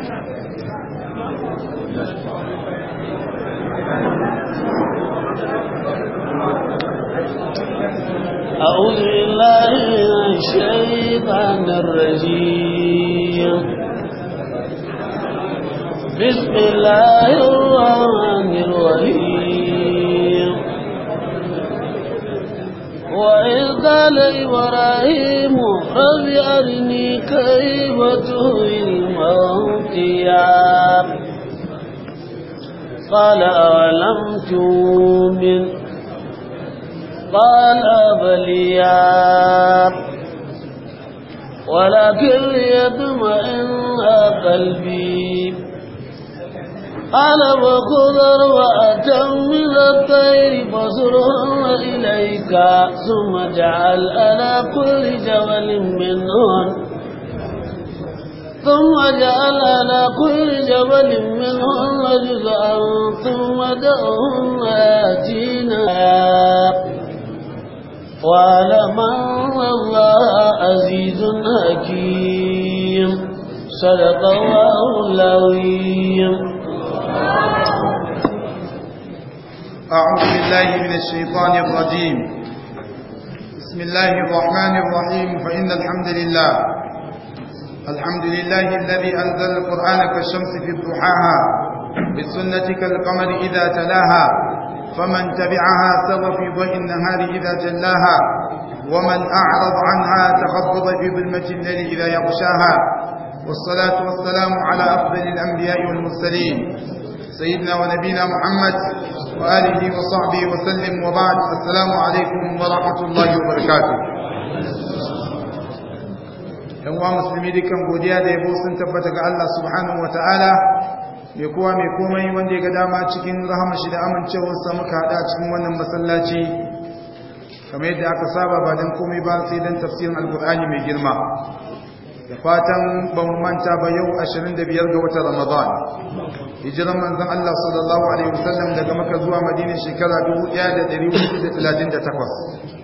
أعوذ بالله من الشيطان الرجيم بسم الله الرحمن الرحيم وإذ قال إبراهيم رب أرني كيف تهي الموت الديار قال أولم تؤمن قال أبليا ولكن ليطمئن قلبي قال فخذ أربعة من الطير فصرهن إليك ثم اجعل على كل جبل منهن ثم جعل على كل جبل منهن جزءا ثم دعهم آتينا وعلم الله عزيز حكيم صدق الله العظيم أعوذ بالله من الشيطان الرجيم بسم الله الرحمن الرحيم فإن الحمد لله الحمد لله الذي أنزل القرآن كالشمس في ضحاها بالسنة كالقمر إذا تلاها فمن تبعها سوى في ضوء النهار إذا جلاها ومن أعرض عنها تخبط في ظلمة الليل إذا يغشاها والصلاة والسلام على أفضل الأنبياء والمرسلين سيدنا ونبينا محمد وآله وصحبه وسلم وبعد السلام عليكم ورحمة الله وبركاته yan wa musulmi dukkan godiya da yabo sun tabbata ga Allah subhanahu wa ta'ala, mai kowa mai komai wanda ya ga dama cikin rahama shi da amincewarsa muka hada cikin wannan masallaci kamar yadda aka saba ba dan komai ba sai dan tafsirin alkur'ani mai girma da fatan ban manta ba yau 25 ga watan Ramadan hijiran manzon Allah sallallahu alaihi wasallam daga Makka zuwa Madina shekara 1438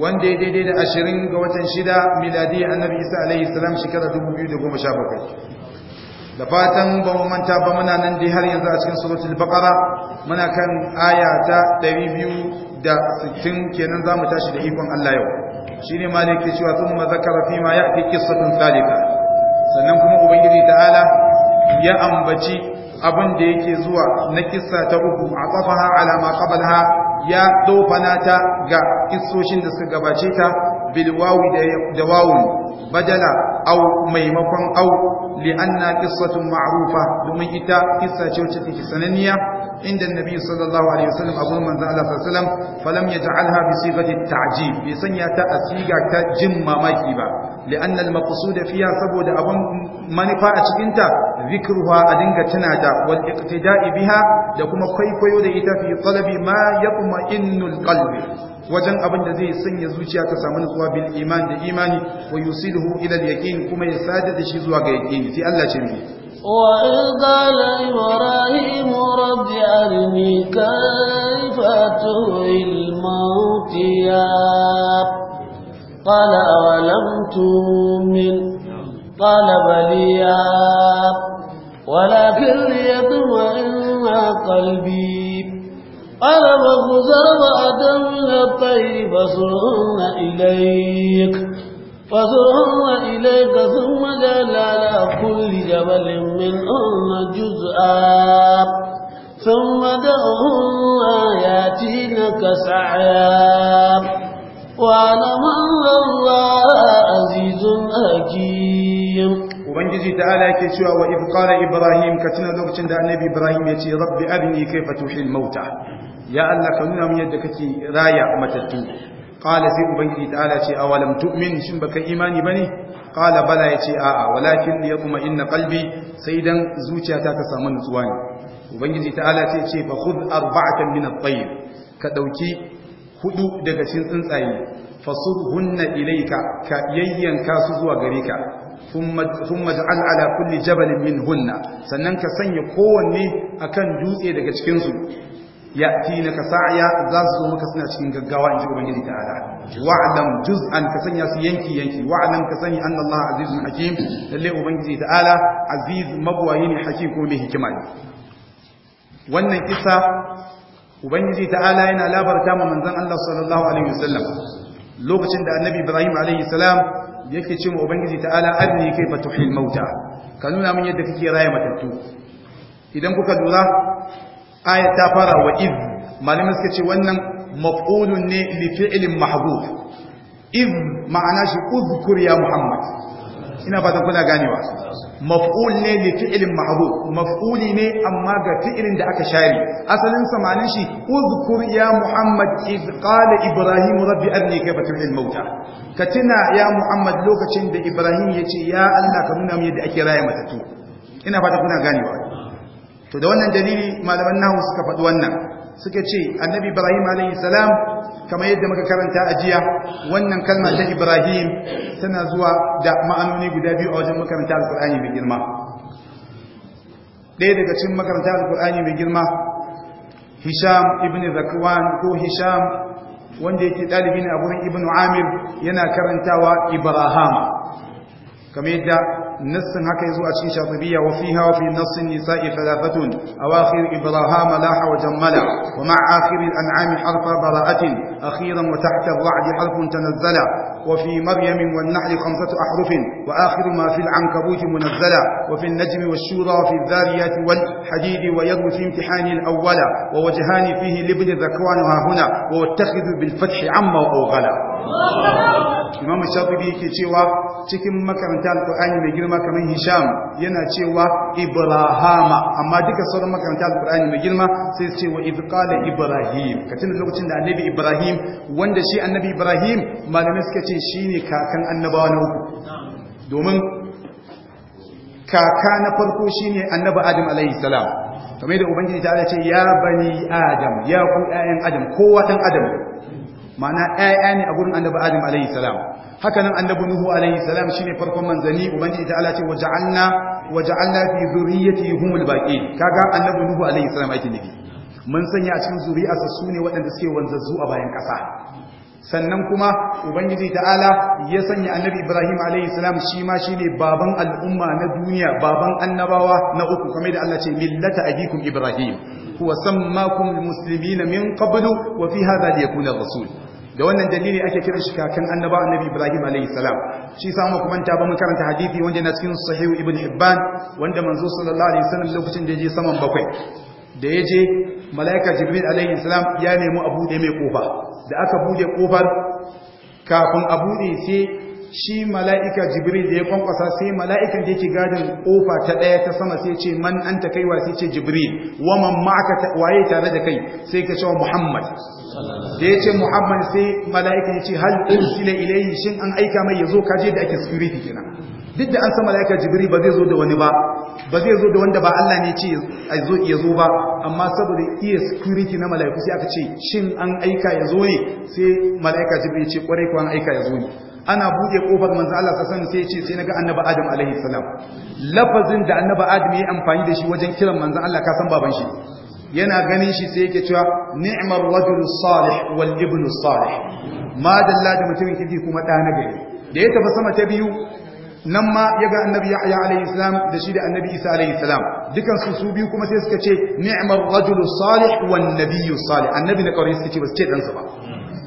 wanda ya daidai da ashirin ga watan shida miladi annabi isa alaihi salam shekara 2017 da fatan ba mu manta ba muna nan dai har yanzu a cikin suratul baqara muna kan aya ta 260 kenan zamu tashi da ikon Allah yau shine malik ya cewa thumma zakara fi ma ya'ti qissatun salika sannan kuma ubangiji ta'ala ya ambaci abin da yake zuwa na kissa ta uku a qafaha ala ma qablaha ya tsofana ta ga kissoshin da suka gabace ta bilwawi da wawun badala au maimakon au li'anna qissatun ma'rufa domin ita kissa ce wacce take sananniya inda annabi sallallahu alaihi wasallam abu manzo Allah sallallahu alaihi wasallam falam yaj'alha bi sifati ta'jib bai sanya ta asiga ta jin mamaki ba لأن المقصود فيها سبود أبن منفاء تكنت ذكرها أدنك تناتا والاقتداء بها لكم كيف يدعيت في طلب ما يطمئن القلب وجن أبن ذي سن يزوجي أتسامن سوا بالإيمان لإيمان ويوصله إلى اليقين كما يسادد شزوا يقين في الله جميل وإذا تؤمن قال بل يا ولكن ليطمئن قلبي قال فخذ أربعة من الطير فصرهن إليك فصرهن إليك ثم جعل على كل جبل منهن جزءا ثم دعهن يأتينك سعيا واعلم أن الله عزيز حكيم ubangiji da ala yake cewa wa Qala ibrahim ka lokacin da annabi ibrahim ya ce rabbi arini kaifa tuhil mauta ya allah ka nuna min yadda kake raya matattu qala sai ubangiji da ala ce awalam tu'min shin baka imani bane qala bala ya ce a'a walakin li inna qalbi sai dan zuciyata ta samu nutsuwa ne ubangiji ta ala ce ce fa khudh arba'atan min at-tayr ka dauki hudu daga cikin tsuntsaye fasurhunna ilayka ka yayyanka su zuwa gare ka thumma ja'al ala kulli jabalin minhunna sannan ka sanya kowanne akan dutse daga cikin su yatina ka sa'ya za su maka suna cikin gaggawa in ji ubangiji ta'ala wa'lam juz'an ka sanya su yanki yanki wa'lam ka sani anna Allah azizun hakim lalle ubangiji ta'ala aziz mabwayi ne hakim ko mai hikima ne wannan kisa ubangiji ta'ala yana labarta ma manzon Allah sallallahu alaihi wasallam lokacin da annabi ibrahim alaihi salam yake ce wa ubangiji ta'ala adni kaifa tuhil mauta ka nuna min yadda kake raya matattu idan kuka lura ayat ta fara wa id malamin suka ce wannan maf'ulun ne li fi'lin mahdhuf id ma'ana shi uzkur ya muhammad ina fatan kuna ganewa maf'ul ne li fi'lin ma'ruf maf'uli ne amma ga fi'lin da aka share asalin samanin shi uzkur ya muhammad iz qala ibrahim rabbi arni kayfa tuhil mauta ka tuna ya muhammad lokacin da ibrahim yace ya allah ka nuna mu yadda ake raya matatu ina fatan kuna ganewa to da wannan dalili malaman nahu suka faɗi wannan suka ce annabi ibrahim alayhi salam kamar yadda muka karanta a jiya wannan kalma ta Ibrahim tana zuwa da ma'anoni guda biyu a wajen makaranta alkur'ani mai girma ɗaya daga cikin makaranta alkur'ani mai girma Hisham ibn Zakwan ko Hisham wanda yake ɗalibi ne a gurin Ibn Amir yana karantawa Ibrahim kamar yadda nassin haka yazo a cikin Shafi'iyya wa fiha wa fi nassin nisa'i thalathatun awakhir Ibrahim laha wa jammala wa ma'a akhir al harfa bara'atin أخيرا وتحت الرعد حرف تنزلا وفي مريم والنحل خمسة أحرف وآخر ما في العنكبوت منزلا وفي النجم والشورى وفي الذاريات والحديد ويروي في امتحان الأول ووجهان فيه لابن ذكوان هنا واتخذ بالفتح عما وأوغلا Imam Shafi'i yake cewa cikin makaranta Al-Qur'ani mai girma kamar Hisham yana cewa Ibrahama amma duka sauran makaranta Al-Qur'ani mai girma sai su ce wa idh qala Ibrahim katin lokacin da Annabi Ibrahim Ibrahim wanda shi annabi Ibrahim malamai suka ce shine kakan annabawa na uku domin kaka na farko shi shine annabi Adam alaihi salam kamar da ubangiji ta ce ya bani Adam ya ku ƴaƴan Adam kowa dan Adam ma'ana ƴaƴa ne a gurin annabi Adam alaihi salam haka nan annabi Nuhu alaihi shi ne farkon manzani ubangiji ta ce waja'alna waja'alna fi dhurriyyatihi humul baqin kaga annabi Nuhu alaihi aikin ake nufi mun sanya a cikin zuri'arsa su ne waɗanda suke wanzazzu a bayan ƙasa sannan kuma ubangiji ta'ala ya sanya annabi ibrahim alayhi salam shi ma baban al'umma na duniya baban annabawa na uku kamar da Allah ce millata abikum ibrahim huwa sammakum almuslimina min qablu wa fi hadha kuna rasul da wannan dalili ake kiran shi kakan annabawa annabi ibrahim alayhi salam shi sa mu kuma ba mu karanta hadisi wanda na cikin sahih ibn hibban wanda manzo sallallahu alaihi wasallam lokacin da ya je saman bakwai da ya je malaika jibril alaihi salam ya nemi a bude mai kofa da aka bude ƙofar kafin a bude sai shi malaika jibril da ya kwankwasa sai malaikan da yake gadin kofa ta daya ta sama sai ce man kai kaiwa sai ce jibril wa ma'aka waye tare da kai sai ka cewa muhammad da ya ce muhammad sai mala'ika ya ce hal ursila ilayhi shin an aika mai yazo kaje da ake security kenan duk da an sa malaika jibril ba zai zo da wani ba ba zai zo da wanda ba Allah ne ce ya zo ba amma saboda iya security na mala'iku sai aka ce shin an aika ya zo ne sai mala'ika jibril ce kwarai ko an aika ya zo ne ana buɗe ƙofar manzo Allah sallallahu san sai ce sai naga annabi Adam alaihi salam lafazin da annabi Adam ya amfani da shi wajen kiran manzo Allah ka san baban shi yana ganin shi sai yake cewa ni'mar rajul salih wal ibn salih ma dalla da mutumin kirki kuma da na da ya tafi sama ta biyu nan ma ya ga annabi yahya alayhi salam da shi da annabi isa alayhi salam dukan su su biyu kuma sai suka ce ni'mar rajulu salih wan nabiyyu salih annabi na kawai suka ce ba su ce dan sa ba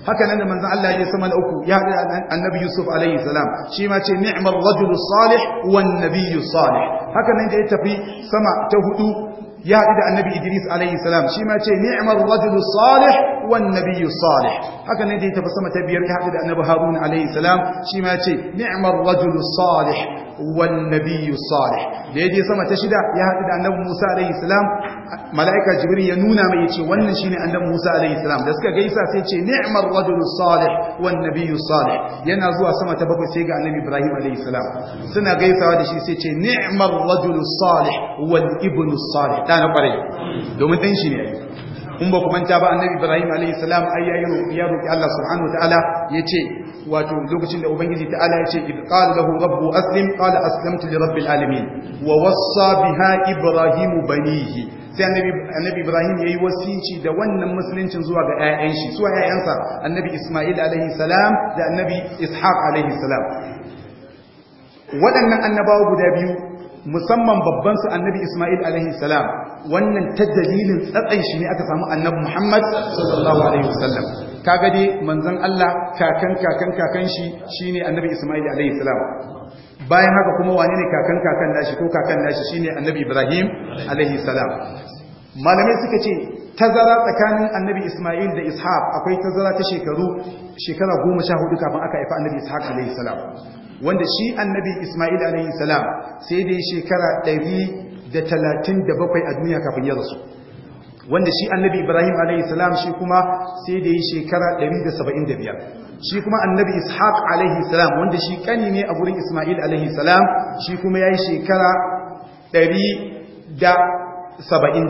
haka nan da manzon Allah ya sama na uku ya da annabi yusuf alayhi salam shi ma ce ni'mar rajulu salih wan nabiyyu salih haka nan da ya tafi sama ta hudu ya haɗu da annabi idris alaihi salam shi ma ce ni'mar rajulu salih wan nabiyyu salih haka ne da ya tafi sama ta biyar ya haɗu da annabi harun alaihi salam shi ma ce ni'mar rajulu salih wan nabiyyu salih da ya je sama ta shida ya haɗu da annabi musa alaihi salam mala'ika jibril ya nuna mai ce wannan shine annabi Musa alaihi da suka gaisa sai ce ni'mar rajul salih wan nabiyyu salih yana zuwa sama ta bakwai sai ga annabi Ibrahim alaihi suna gaisawa da shi sai ce ni'mar rajul salih wal ibnu salih dana kwarai domin dan shi ne in ba ku manta ba annabi ibrahim alayhi salam ai ya roki Allah subhanahu wataala yace wato lokacin da ubangiji ta'ala yace id qala lahu rabbu aslim qala aslamtu li rabbil alamin wa wassa biha ibrahim banihi sai annabi ibrahim yayi wasinci da wannan musuluncin zuwa ga 'ya'yan shi su 'ya'yansa annabi isma'il alayhi salam da annabi ishaq alayhi salam waɗannan annabawa guda biyu musamman babban su annabi Ismail alaihi salam wannan ta dalilin tsatsan shi ne aka samu annabi Muhammad sallallahu alaihi wasallam kaga dai manzon Allah kakan kakan kakan shi shine annabi Isma'il alaihi salam bayan haka kuma wane ne kakan kakan nashi ko kakan nashi shine annabi Ibrahim alaihi salam malamai suka ce tazara tsakanin annabi Isma'il da Ishaq akwai tazara ta shekaru shekara 14 kafin aka haifa annabi Ishaq alaihi salam wanda shi annabi Isma'il alaihi salam sai dai shekara da talatin da bakwai a duniya kafin ya rasu wanda shi annabi ibrahim alaihi salam shi kuma sai da yi shekara 175 shi kuma annabi ishaq alaihi salam wanda shi kani ne a gurin isma'il alaihi salam shi kuma ya yi shekara 170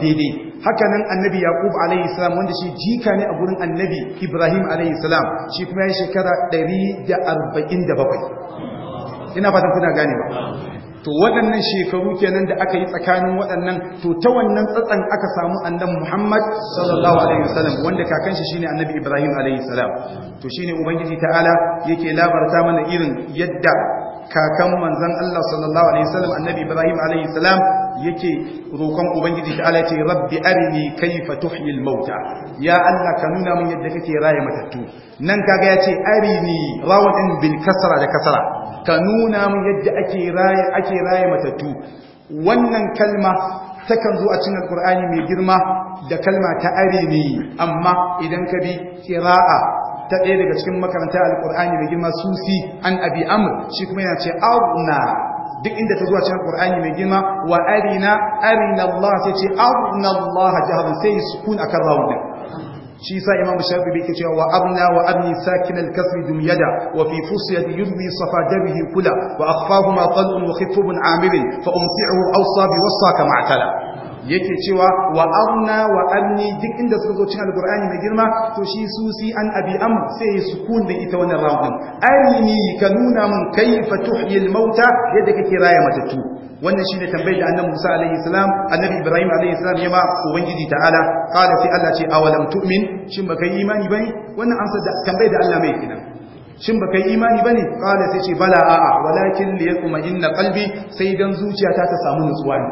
daidai hakanan annabi yaqub alayhi salam wanda shi jika ne a gurin annabi ibrahim alayhi salam shi kuma ya yi shekara 147 ina fatan kuna gane ba to waɗannan shekaru kenan da aka yi tsakanin waɗannan to ta wannan tsatsan aka samu annabi Muhammad sallallahu alaihi wasallam wanda kakan shi shine annabi Ibrahim alaihi salam to shine ubangiji ta'ala yake labarta mana irin yadda kakan manzon Allah sallallahu alaihi wasallam annabi Ibrahim alaihi salam yake roƙon ubangiji ta'ala ce rabbi arini kayfa tuhyil mauta ya Allah ka nuna min yadda kake raye matattu nan kaga ya yace arini rawadin bil kasra da kasra ka nuna mun yadda ake raye ake raye matattu wannan kalma takan zo a cikin alkur'ani mai girma da kalma ta are ne amma idan ka bi qira'a ta ɗaya daga cikin makaranta alkur'ani mai girma susi an abi amr shi kuma yana ce arna duk inda ta a cikin alkur'ani mai girma wa arina arina allah sai ce arna allah jahadan sai sukun akan rawun shi sa imam shafi bai ke cewa wa abna wa abni sakin al-kasri dumyada wa fi safa kula wa akhfahuma qalun wa khifubun amirin fa umsi'uhu awsa bi wasa kama atala yake cewa wa abna wa abni duk inda suka zo cikin alqur'ani mai girma to shi susi an abi am sai sukun da ita wannan rawun arini ka nuna mun kaifa tuhyi al-mauta yadda kake raya matattu wannan shine tambayar da annabi Musa alaihi salam annabi Ibrahim alaihi salam ya ma ubangiji ta'ala qala sai Allah ce awalam tu'min shin baka yi imani bane wannan amsa da tambayar da Allah mai kenan shin baka yi imani bane qala sai ce bala a'a walakin liyaqma inna qalbi sai dan zuciyata ta samu nutsuwa ne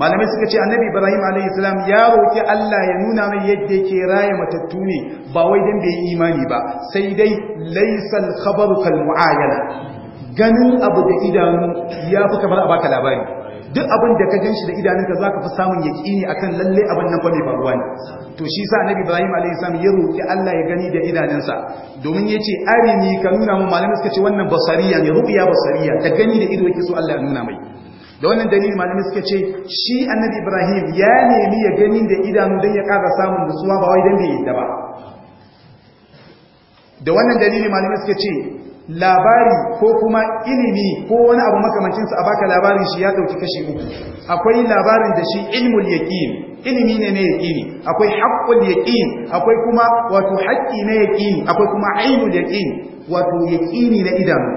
malamai suka ce annabi Ibrahim alaihi salam ya roki Allah ya nuna mai yadda yake raye matattu ne ba wai dan bai yi imani ba sai dai laysal khabaru kal mu'ayana ganin abu da idanu ya fi kamar a baka labari duk abin da ka ganshi da idanunka za ka fi samun yaƙini a kan lalle abin nan kwame faruwa ne to shi sa Annabi ibrahim alaihissalam ya roƙi allah ya gani da idanunsa domin ya ce arini ka nuna mu malamai suka ce wannan basariya ne ruɓiya basariya ta gani da ido yake so allah ya nuna mai da wannan dalili malamai suka ce shi annabi ibrahim ya nemi ya gani da idanu don ya ƙara samun nutsuwa ba wai don bai yadda ba da wannan dalili malamai suka ce labari ko kuma ilimi ko wani abu makamancinsa a baka labarin shi ya dauki kashi uku akwai labarin da shi ilmul yaqin ilimi ne na yaqini akwai haqqul yaqin akwai kuma wato haqqi na yaqini akwai kuma ainul yaqin wato yaqini na idanu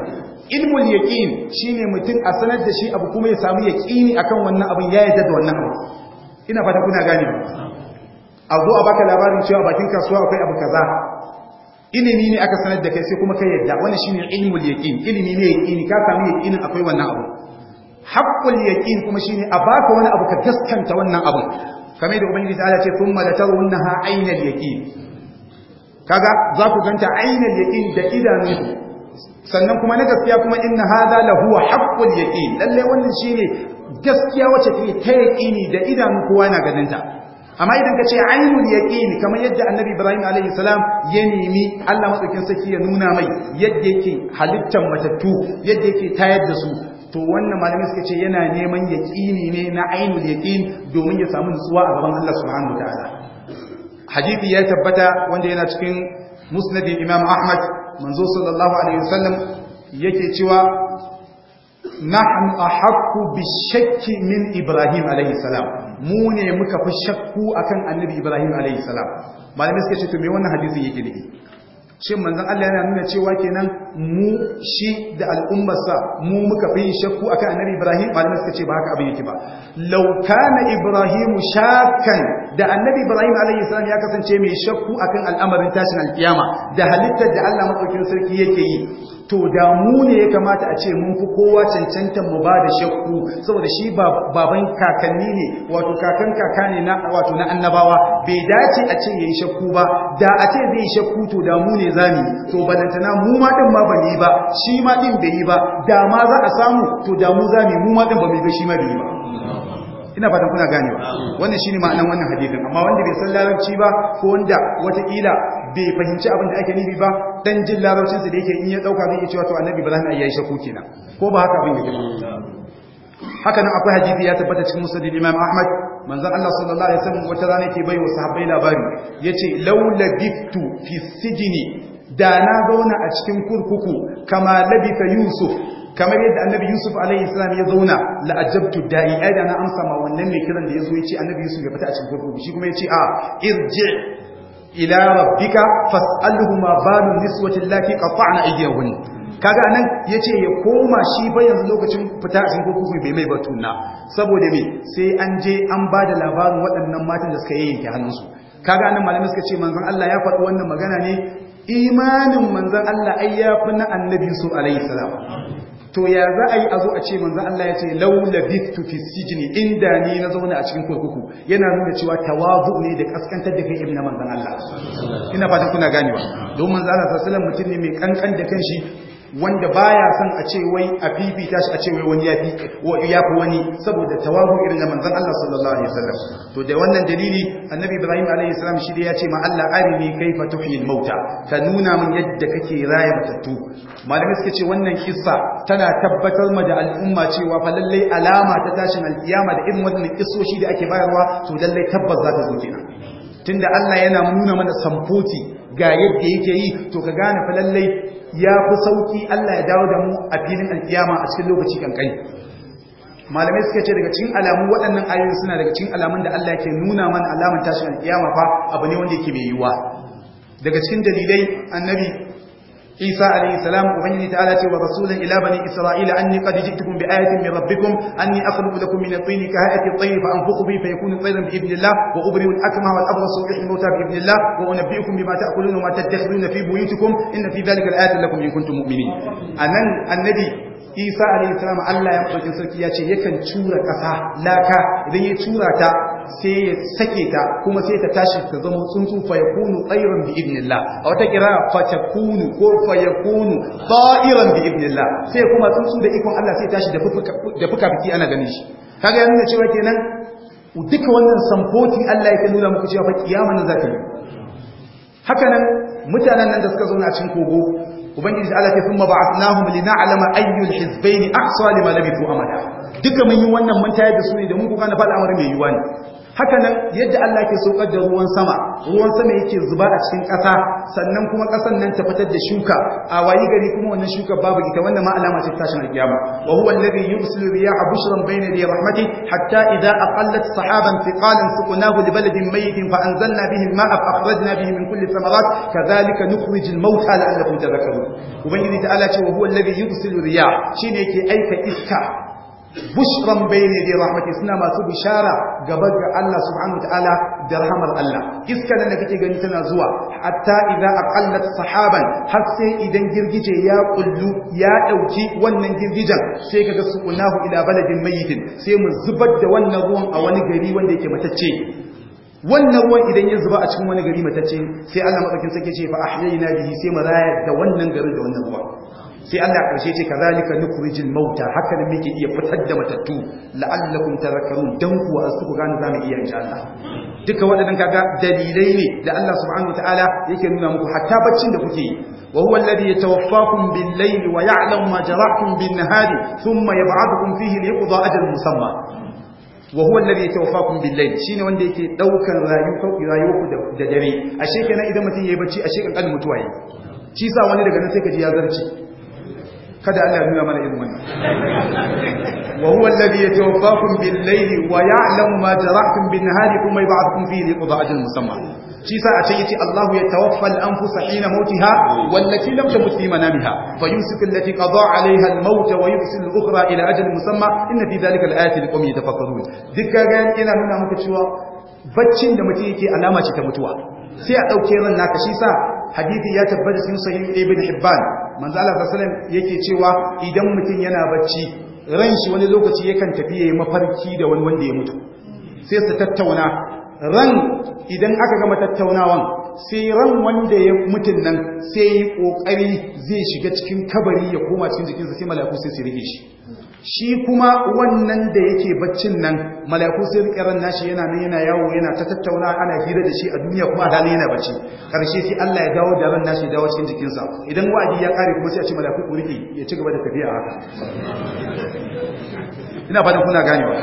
ilmul yaqin shine mutum a sanar da shi abu kuma ya samu yaqini akan wannan abin ya yarda da wannan abu ina fata kuna gane a zo a baka labarin cewa bakin kasuwa akwai abu kaza ilimi ne aka sanar da kai sai kuma kai yadda wannan shine ilmul yaqin ilimi ne yaƙin, ka samu akwai wannan abu haqqul yaqin kuma ne, a baka wani abu ka gaskanta wannan abu kamar da ubangiji ta ce thumma latarawunnaha aynal yaqin kaga za ku ganta aynal yaƙin da idanu sannan kuma na gaskiya kuma inna la lahuwa haqqul yaqin Lallai wannan shine gaskiya wacce ke ta yaƙini da idanu kowa na ganin ta amma idan ka ce ainul yaqin kamar yadda annabi ibrahim alaihi salam ya nemi Allah madaukin saki ya nuna mai yadda yake halittar matattu yadda yake tayar da su to wannan malamin suka ce yana neman yaqini ne na ainul yaqin domin ya samu nutsuwa a gaban Allah subhanahu wataala hadisi ya tabbata wanda yana cikin musnadin imam ahmad manzo sallallahu alaihi wasallam yake cewa nahnu ahqqu bishakki min ibrahim alaihi salam mu ne muka fi shakku akan annabi ibrahim alaihi salam malamai suka ce to me wannan hadisin yake ke? shin manzon Allah yana nuna cewa kenan mu shi da al'ummarsa mu muka fi shakku akan annabi ibrahim malamai suka ce ba haka abin yake ba Laukana Ibrahimu ibrahim shakkan da annabi ibrahim alayhi salam ya kasance mai shakku akan al'amarin tashin alkiyama da halittar da Allah madaukakin sarki yake yi to da mu ne ya kamata a ce mun fi kowa cancanta mu ba da shakku saboda shi baban kakanni ne wato kakan kaka ne na wato na annabawa bai dace a ce yayi shakku ba da a ce zai shakku to da mu ne zani to balantana mu ma din ma bane ba shi ma din bai yi ba da ma za a samu to da mu zani mu ma din ba mai ba shi ma bai yi ba ina fatan kuna ganewa wannan shine ma'anar wannan hadisin amma wanda bai san larabci ba ko wanda watakila bai fahimci abin da ake nufi ba dan jin larabcin sa da yake in ya dauka zai iya cewa to annabi ba za mu ayyaye shaku kenan ko ba haka abin yake haka nan akwai hadisi ya tabbata cikin musnad Imam Ahmad manzon Allah sallallahu alaihi wasallam wata rana yake baiwa sahabbai labari yace laula bitu fi da na zauna a cikin kurkuku kama labita Yusuf kamar yadda annabi yusuf alaihi salam ya zauna la'ajabtu da'i ai da na amsa ma wannan mai kiran da yazo yace annabi yusuf ya fita a cikin kurkuku shi kuma yace a ah, irji ila rabbika fas'alhu ma balu niswati allati qata'na aydiyahun kaga anan yace ya koma shi ba yanzu lokacin fita a cikin kurkuku bai mai batuna saboda me sai an je an ba da labarin waɗannan matan da suka yake hannunsu kaga anan malamai suka ce manzon Allah ya faɗi wannan magana ne imanin manzon Allah ai yafi na annabi su alaihi salam to ya za a yi a zo a ce manzan Allah ya ce laula bitu fi sijni inda ni na zauna a cikin kurkuku yana nuna cewa tawazu ne da kaskantar da kai ibn manzan Allah ina fatan kuna ganewa don manzo Allah sallallahu alaihi wasallam mutum ne mai kankan da kanshi wanda baya son a ce wai a fifita shi a ce wai wani ya fi wani saboda tawahu irin na manzon Allah sallallahu alaihi wasallam to da wannan dalili annabi Ibrahim alaihi salam shi da ya ce ma Allah arini kaifa tuhyi mauta ka nuna min yadda kake raye matattu malamai suka ce wannan kissa tana tabbatar ma da al'umma cewa fa lallai alama ta tashin alkiyama da irin wannan kissoshi da ake bayarwa to lallai tabbas za ta zo kenan tunda Allah yana nuna mana samfoti ga yadda yake yi to ka gane fa lallai ya fi sauki Allah ya dawo da mu a filin alkiyama a cikin lokaci kankani malamai suka ce daga cikin alamu waɗannan ayoyi suna daga cikin alamun da Allah ke nuna mana alamun tashin alkiyama fa abu ne wanda yake mai yiwuwa daga cikin dalilai annabi Isa alayhi salam ubangiji ta'ala ce wa rasulan ila bani Isra'ila anni qad ji'tukum bi ayatin min rabbikum anni akhluqu lakum min at-tin ka hayati at-tayr fa anfukhu bi fayakunu tayran bi idnillah wa ubri'u al-akma wal abras wa yuhyi al-mauta bi idnillah wa unabbi'ukum bima ta'kuluna wa ma tattakhiduna fi buyutikum inna fi dhalika ayatin lakum in kuntum mu'minin anan annabi isa alayhi salam Allah ya madaukin sarki ya ce yakan cura kasa laka idan ya cura ta sai ya sake ta kuma sai ta tashi ta zama tsuntsu fa yakunu tsayran bi idnillah a wata kira fa ko fa yakunu tsayran bi idnillah sai kuma tsuntsu da ikon Allah sai tashi da fuka da ana ganin shi kaga yana cewa kenan duka wannan samfoti Allah yake nuna muku cewa fa kiyama nan za ta yi haka nan mutanen nan da suka zauna a cikin kogo ubangiji Allah ya kuma ba'athnahum lin'alama ayyul hizbayn ahsa lima labithu amada duka mun yi wannan mun tayar da su ne da mun kuka na fada amari mai yiwa ne haka nan yadda Allah ke saukar da ruwan sama ruwan sama yake zuba a cikin ƙasa sannan kuma ƙasan nan ta fitar da shuka a wayi gari kuma wannan shuka babu ita wannan ma alama ce tashin alkiyama wa huwa alladhi yursilu riyaha bushran bayna yaday rahmati hatta idha aqallat sahaban thiqalan suqnahu li baladin mayyitin fa anzalna bihi al-ma'a fa akhrajna bihi min kulli thamarat kadhalika nukhrijul mauta la'allakum tadhakkarun ubangiji ta'ala ce wa huwa alladhi yursilu shine yake aika iska bushran bayne da rahmati suna masu bishara gaba ga Allah subhanahu wataala da rahmar Allah iska da kake gani tana zuwa hatta idza aqallat sahaban har sai idan girgije ya kullu ya dauki wannan girgijen sai kaga suqnahu ila baladin mayyitin sai mu zubar da wannan ruwan a wani gari wanda yake matacce wannan ruwan idan ya zuba a cikin wani gari matacce sai Allah madaukin sake ce fa ahyayna bihi sai mu rayar da wannan garin da wannan ruwan sai Allah karshe ce kazalika nukhrijul mauta haka ne muke iya fitar da matattu la'allakum tadhakkarun dan ku asu ku gane zamu iya insha Allah duka waɗannan kaga dalilai ne da Allah subhanahu wataala yake nuna muku hatta baccin da kuke yi wa huwa alladhi yatawaffakum bil layli wa ya'lamu ma jarahtum bin nahari thumma yab'athukum fihi liyaqda ajalan musamma wa huwa alladhi yatawaffakum bil layl shine wanda yake daukan rayuwarku da dare ashe kenan idan mutum yayi bacci ashe kan mutuwa yi shi sa wani daga nan sai ka ji ya zarci kada Allah nuna mana irin wannan wa huwa alladhi yatawaffakum bil layli wa ya'lamu ma jarahtum bin nahari kuma yub'athukum fihi li qada'atin musamma shi sa a cikin Allahu yatawaffa al anfusa hina mautiha wallati lam tamut fi manamiha fayumsiku allati qada 'alayha al maut wa yursil al ukhra ila ajal musamma inna fi dhalika al ayati liqawmin yatafakkarun dukkan ga ina nuna muku cewa baccin da mutum yake alama ce ta mutuwa sai a dauke ran naka shi sa hadisi ya tabbata sun sahih ibn hibban alaihi wasallam yake cewa idan mutum yana bacci ran shi wani lokaci yakan tafi yayi mafarki da wani wanda ya mutu sai su tattauna ran idan aka gama tattaunawan sai ran wanda ya mutun nan sai yi kokari zai shiga cikin kabari ya koma cikin jikinsa sai mala'iku sai su rike shi shi kuma wannan da yake baccin nan mala'iku sai rike ran nashi yana nan yana yawo yana ta tattauna ana hira da shi a duniya kuma a yana bacci karshe shi Allah ya dawo da ran nashi dawo cikin jikinsa idan wa'adi ya kare kuma sai a ce mala'iku ku rike ya ci gaba da tafiya haka ina fatan kuna ganewa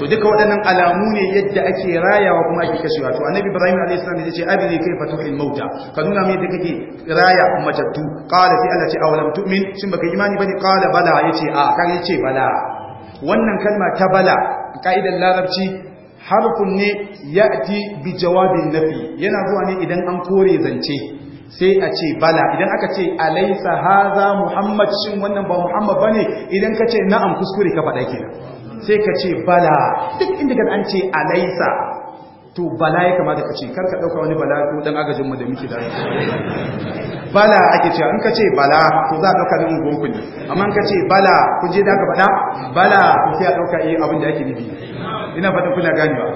to duka waɗannan alamu ne yadda ake rayawa kuma ake kashewa to annabi ibrahim alayhi salam ya ce abdi kayfa tuhil mauta ka nuna mai da kake raya matattu qala fi Allah ce tu'min shin baka imani bane qala bala yace a kan yace bala wannan kalma ta bala ka'idar larabci harfun ne ya'ti bi jawabin nafi yana zuwa ne idan an kore zance sai a ce bala idan aka ce alaysa haza muhammad shin wannan ba muhammad bane idan ka ce na'am kuskure ka faɗa kenan sai ka ce bala duk inda kan an ce alaisa to bala ya kamata ka ce karka ɗauka wani bala ko ɗan agajinmu da muke da bala ake cewa in ka ce bala to za a ɗauka nan gunku ne amma in ka ce bala kun je da ka faɗa bala ku sai a ɗauka iya eh, abin da ake nufi ina faɗin kuna ba,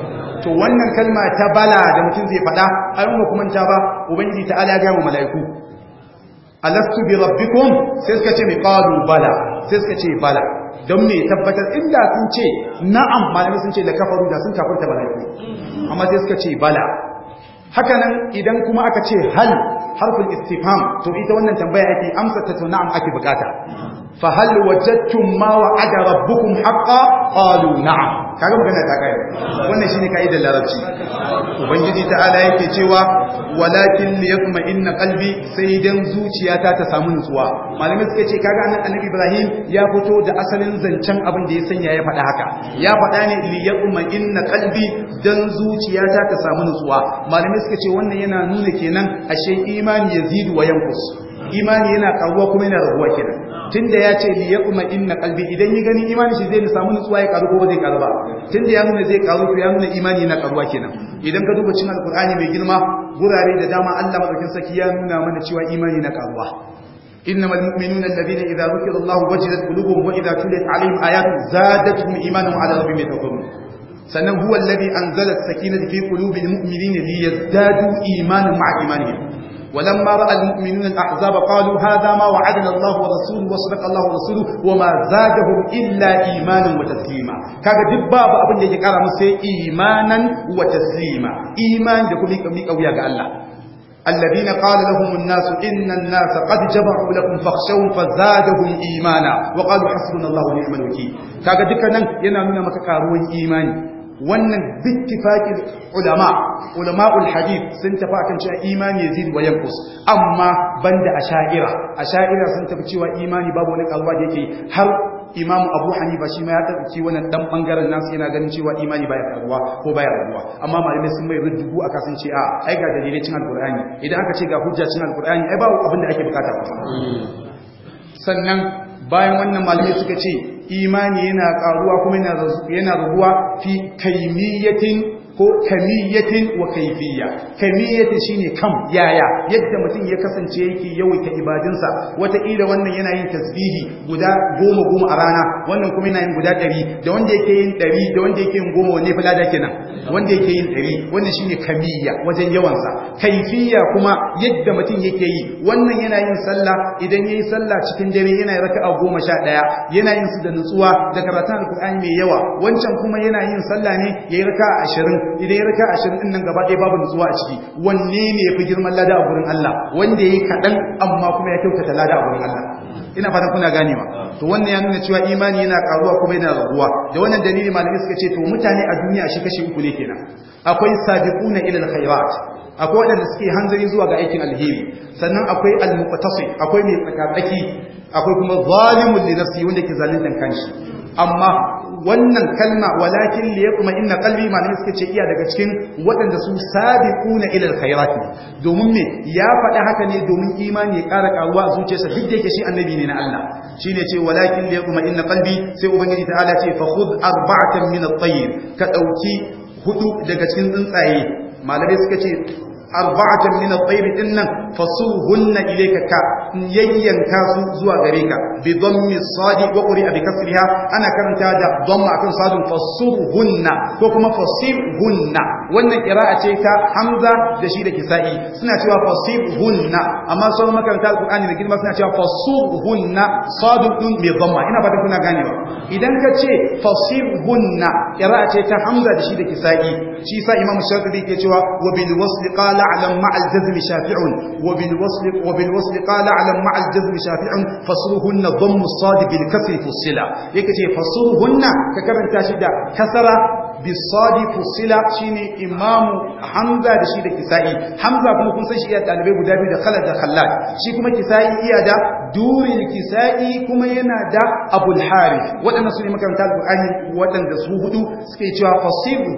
to wannan kalma ta bala da mutum zai faɗa an mu kuma ta ba ubangiji ta ala ga mu mala'iku alastu bi rabbikum sai suka ce mi qalu bala sai suka ce bala don me tabbatar inda sun ce na'am malamai sun ce da kafaru da sun kafarta mala'iku amma sai suka ce bala hakanan idan kuma aka ce hal harfin istifham to ita wannan tambaya ake amsa ta na'am ake bukata fa hal wajadtum ma wa'ada rabbukum haqqan qalu na'am kaga magana ta kai wannan shine kaidar larabci ubangiji ta'ala yake cewa walakin li yatma inna qalbi sai dan zuciyata ta samu nutsuwa Malamin suka ce kaga annabi annabi Ibrahim ya fito da asalin zancen abin da ya sanya ya faɗa haka ya faɗa ne li yatma inna qalbi dan zuciyata ta samu nutsuwa Malamin suka ce wannan yana nuna kenan ashe imani yazidu wa yanqus imani yana karuwa kuma yana raguwa kenan Tun da ya ce li yaqma inna qalbi idan ya gani imani shi zai samu nutsuwa ya karu ko zai karu ba tunda ya nuna zai karu to ya nuna imani na karuwa kenan idan ka duba cikin alqur'ani mai girma gurare da dama Allah madaukin saki ya nuna mana cewa imani na karuwa إنما المؤمنون الذين إذا ذكر الله وجلت قلوبهم وإذا تليت عليهم آياته زادتهم إيمانا على ربهم يتوكلون sannan huwa alladhi anzala as-sakinata fi qulubil mu'minina liyazdadu imanan ma'a imanihim ولما رأى المؤمنون الأحزاب قالوا هذا ما وعدنا الله ورسوله وصدق الله ورسوله وما زادهم إلا إيمانا وتسليما كذا دباب أبن يجي قال مسي إيمانا وتسليما إيمان لكم يكميك أو يقال الله الذين قال لهم الناس إن الناس قد جمعوا لكم فاخشوا فزادهم إيمانا وقالوا حسبنا الله ونعم الوكيل كذا دكنا ينامنا مكا كاروين إيماني wannan bittifaqin ulama ulama'ul hadith sun tafi akan cewa imani yazid wa yanqus amma banda asha'ira asha'ira sun tafi cewa imani babu wani karuwa da yake har imam abu hanifa shi ma ya tafi wannan dan bangaren nasu yana ganin cewa imani baya karuwa ko baya raguwa amma malamai sun mai rudugu aka sun ce a ai ga dalilai cin alqur'ani idan aka ce ga hujja cin alqur'ani ai babu abin da ake bukata hmm. sannan bayan wannan malamai suka ce imani yana karuwa kuma yana zuwa fi taimiyyatin ko kamiyatin wa kaifiyya kamiyyati shine kam yaya yadda mutum ya kasance yake yawaita ibadinsa wata wannan yana yin tasbihi guda goma goma a rana wannan kuma yana yin guda ɗari da wanda yake yin ɗari da wanda yake yin goma wanne falada kenan wanda yake yin ɗari wannan shine kamiyya wajen yawansa kaifiyya kuma yadda mutum yake yi wannan yana yin sallah idan yayi sallah cikin dare yana yin raka'a goma sha ɗaya yana yin su da nutsuwa da karatun alkur'ani mai yawa wancan kuma yana yin sallah ne yayi raka'a ashirin idan ya raka ashirin ɗin nan gaba ɗaya babu nutsuwa a ciki wanne ne ya fi girman lada a gurin Allah wanda ya yi kaɗan amma kuma ya kyautata lada a gurin Allah ina fatan kuna ganewa to wannan ya nuna cewa imani yana karuwa kuma yana raguwa da wannan dalili malamai suka ce to mutane a duniya shi kashi uku ne kenan akwai sabiquna ila alkhairat akwai waɗanda suke hanzari zuwa ga aikin alheri sannan akwai almuqtasi akwai mai tsakatsaki akwai kuma zalimun li nafsi wanda ke zaluntan kanshi amma wannan kalma walakin li yaqma inna qalbi malami suka ce iya daga cikin waɗanda su sabiquna ila alkhairat domin me ya faɗi haka ne domin imani ya ƙara karuwa a zuciyarsa duk da yake shi annabi ne na Allah shine ce walakin li yaqma inna qalbi sai ubangiji ta'ala ce fa khudh arba'atan min at ka dauki hudu daga cikin tsuntsaye malamai suka ce arba'atan min at-tayyib dinnan fasuhunna ilayka ka yayyanka su zuwa gare ka bi dhammi sadi wa quri bi kasriha ana karanta da dhamma akan sadun fasurhunna ko kuma fasirhunna wannan qira'a ce ta hamza da shi da kisa'i suna cewa fasirhunna amma sauran makaranta alqur'ani da girma suna cewa fasurhunna sadun din bi dhamma ina fatan kuna ba. idan ka ce fasirhunna qira'a ce ta hamza da shi da kisa'i shi sa imam shafi'i ke cewa wa bil wasl qala alam ma'al jazm shafi'un wa bil wasl wa bil wasl qala ya'lam ma'al jazmi shafi'un fasruhunna dhammu as-sad bil kasri fussila yake ce fasruhunna ka karanta shi da kasara bisadi fusila shine imamu hamza da shi da kisa'i hamza kuma kun san shi iya dalibai guda biyu da khalad da khallad shi kuma kisa'i iya da durin kisa'i kuma yana da abul harith waɗannan su ne makaranta alqur'ani waɗanda su hudu suke cewa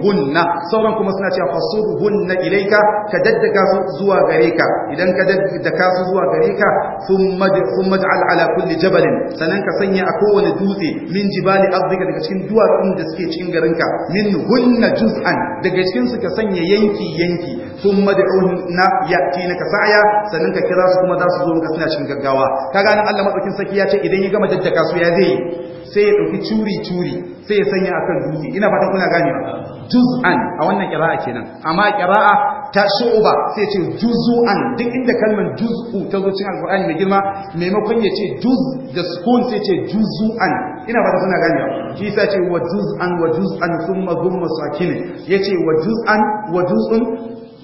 gunna. sauran kuma suna cewa gunna ilaika ka daddaka su zuwa gare ka idan ka daddaka su zuwa gare ka thumma thumma ala kulli jabalin sanan ka sanya a kowane dutse min jibali ardika daga cikin duwatsun da suke cikin garinka min hunna juz'an daga cikin suka sanya yanki yanki sun ya yati na kasaya sannan ka kira su kuma za su zo maka suna cikin gaggawa ka gani Allah madaukin saki ya ce idan ya gama jaddaka su ya zai sai ya dauki curi curi sai ya sanya akan dutse ina fatan kuna ganewa juz'an a wannan qira'a kenan amma qira'a ta shu'uba sai ce juzu'an duk inda kalmar juz'u ta zo cikin alqur'ani mai girma maimakon ya ce juz da sukun sai ce juzu'an ina ba ta suna ganiya shi yasa ce wa juz'an wa juz'an masu thumma ya yace wa juz'an wa juz'un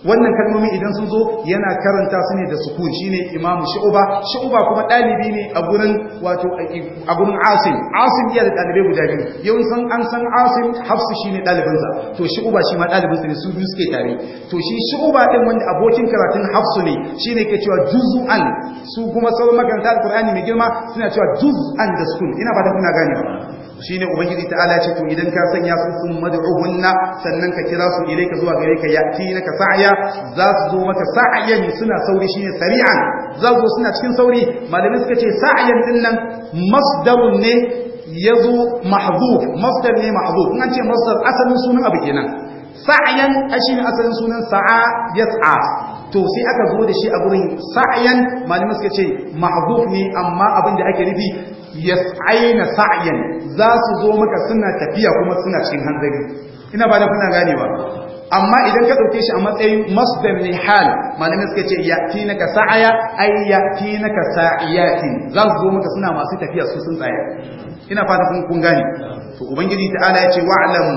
wannan kalmomi idan sun zo yana karanta su ne da sukun shine imamu shu'ba shu'ba kuma ɗalibi ne a gurin wato a gurin asim asim iya da dalibai guda biyu yau san an san asim hafsu shine dalibin sa to shu'ba shi ma dalibin ne su biyu suke tare to shi shu'ba din wanda abokin karatun hafsu ne shine ke cewa juz'an su kuma sauran makaranta alqur'ani mai girma suna cewa juz'an da sukun ina ba da kuna ba. shine ubangiji ta'ala ce to idan ka sanya su sun mad'uhunna sannan ka kira su ilaika zuwa gare ka yati naka sa'ya za su zo maka sa'yan suna sauri shine sari'an za su zo suna cikin sauri malamin suka ce sa'yan din nan masdarun ne yazo mahzuf masdar ne mahzuf in an ce masdar asalin sunan abu kenan sa'ayan ashin asalin sunan sa'a ya sa’a to sai aka zo da shi a gurin sa'ayan malamin suka ce ma’azuf ne amma abin da ake nufi yas'aina sa'ayan za su zo maka suna tafiya kuma suna cikin hanzari ina ba da kuna ganewa amma idan ka dauke shi a matsayin masdar ne hal malamin suka ce ya? naka sa'aya ya? ay yatinaka sa'iyatin za su zo maka suna masu tafiya su sun tsaya ina fata kun gane to ubangiji ta'ala ya ce wa'lam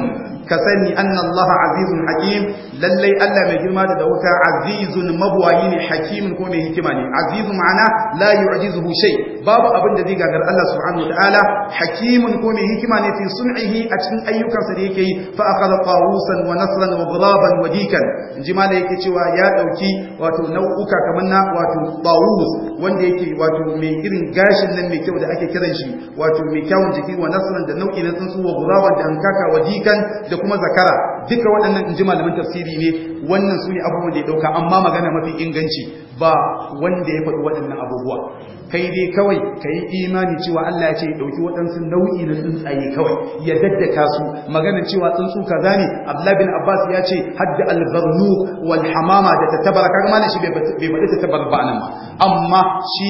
ka sani annallaha azizun hakim lallai Allah mai girma da dauka azizun mabwayi ne hakimin ko mai hikima ne azizun ma'ana la yu'jizuhu shay babu abin da zai gagar Allah subhanahu wataala hakimin ko mai hikima ne fi sun'ihi a cikin ayyukansa da yake yi fa akhadha tawusan wa nasran wa ghuraban wa dikan inji da yake cewa ya dauki wato nau'uka kamar na wato tawus wanda yake wato mai irin gashin nan mai kyau da ake kiran shi wato mai kyawun jiki wa nasran da nau'i na tsuntsu wa da hankaka wa dikan da kuma zakara duka waɗannan in ji malaman tafsiri ne wannan su ne abubuwan da ya ɗauka amma magana mafi inganci ba wanda ya faɗi waɗannan abubuwa kai dai kawai ka yi imani cewa Allah ya ce ya ɗauki waɗansu nau'i na tsuntsaye kawai ya daddaka su magana cewa tsuntsu kaza ne Abdullahi bin Abbas ya ce hadda albarnu wal hamama da tattabara kaga malam shi bai faɗi tattabar ba nan ba amma shi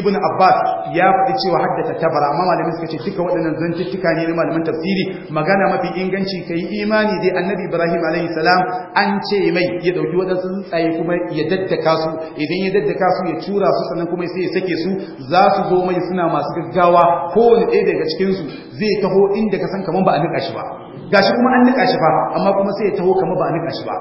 ibn abbas ya faɗi cewa haddata tabara amma malamin suka ce duka waɗannan zantuttuka ne na malaman tafsiri magana mafi inganci ka yi imani dai annabi ibrahim alayhi salam an ce mai ya ɗauki waɗansu tsaye kuma ya daddaka su idan ya daddaka su ya tura su sannan kuma sai ya sake su za su zo mai suna masu gaggawa kowane ɗaya daga cikinsu zai taho inda ka san kamar ba a niƙa shi ba gashi kuma an nika shi ba, amma kuma sai ya taho kamar ba a nika shi ba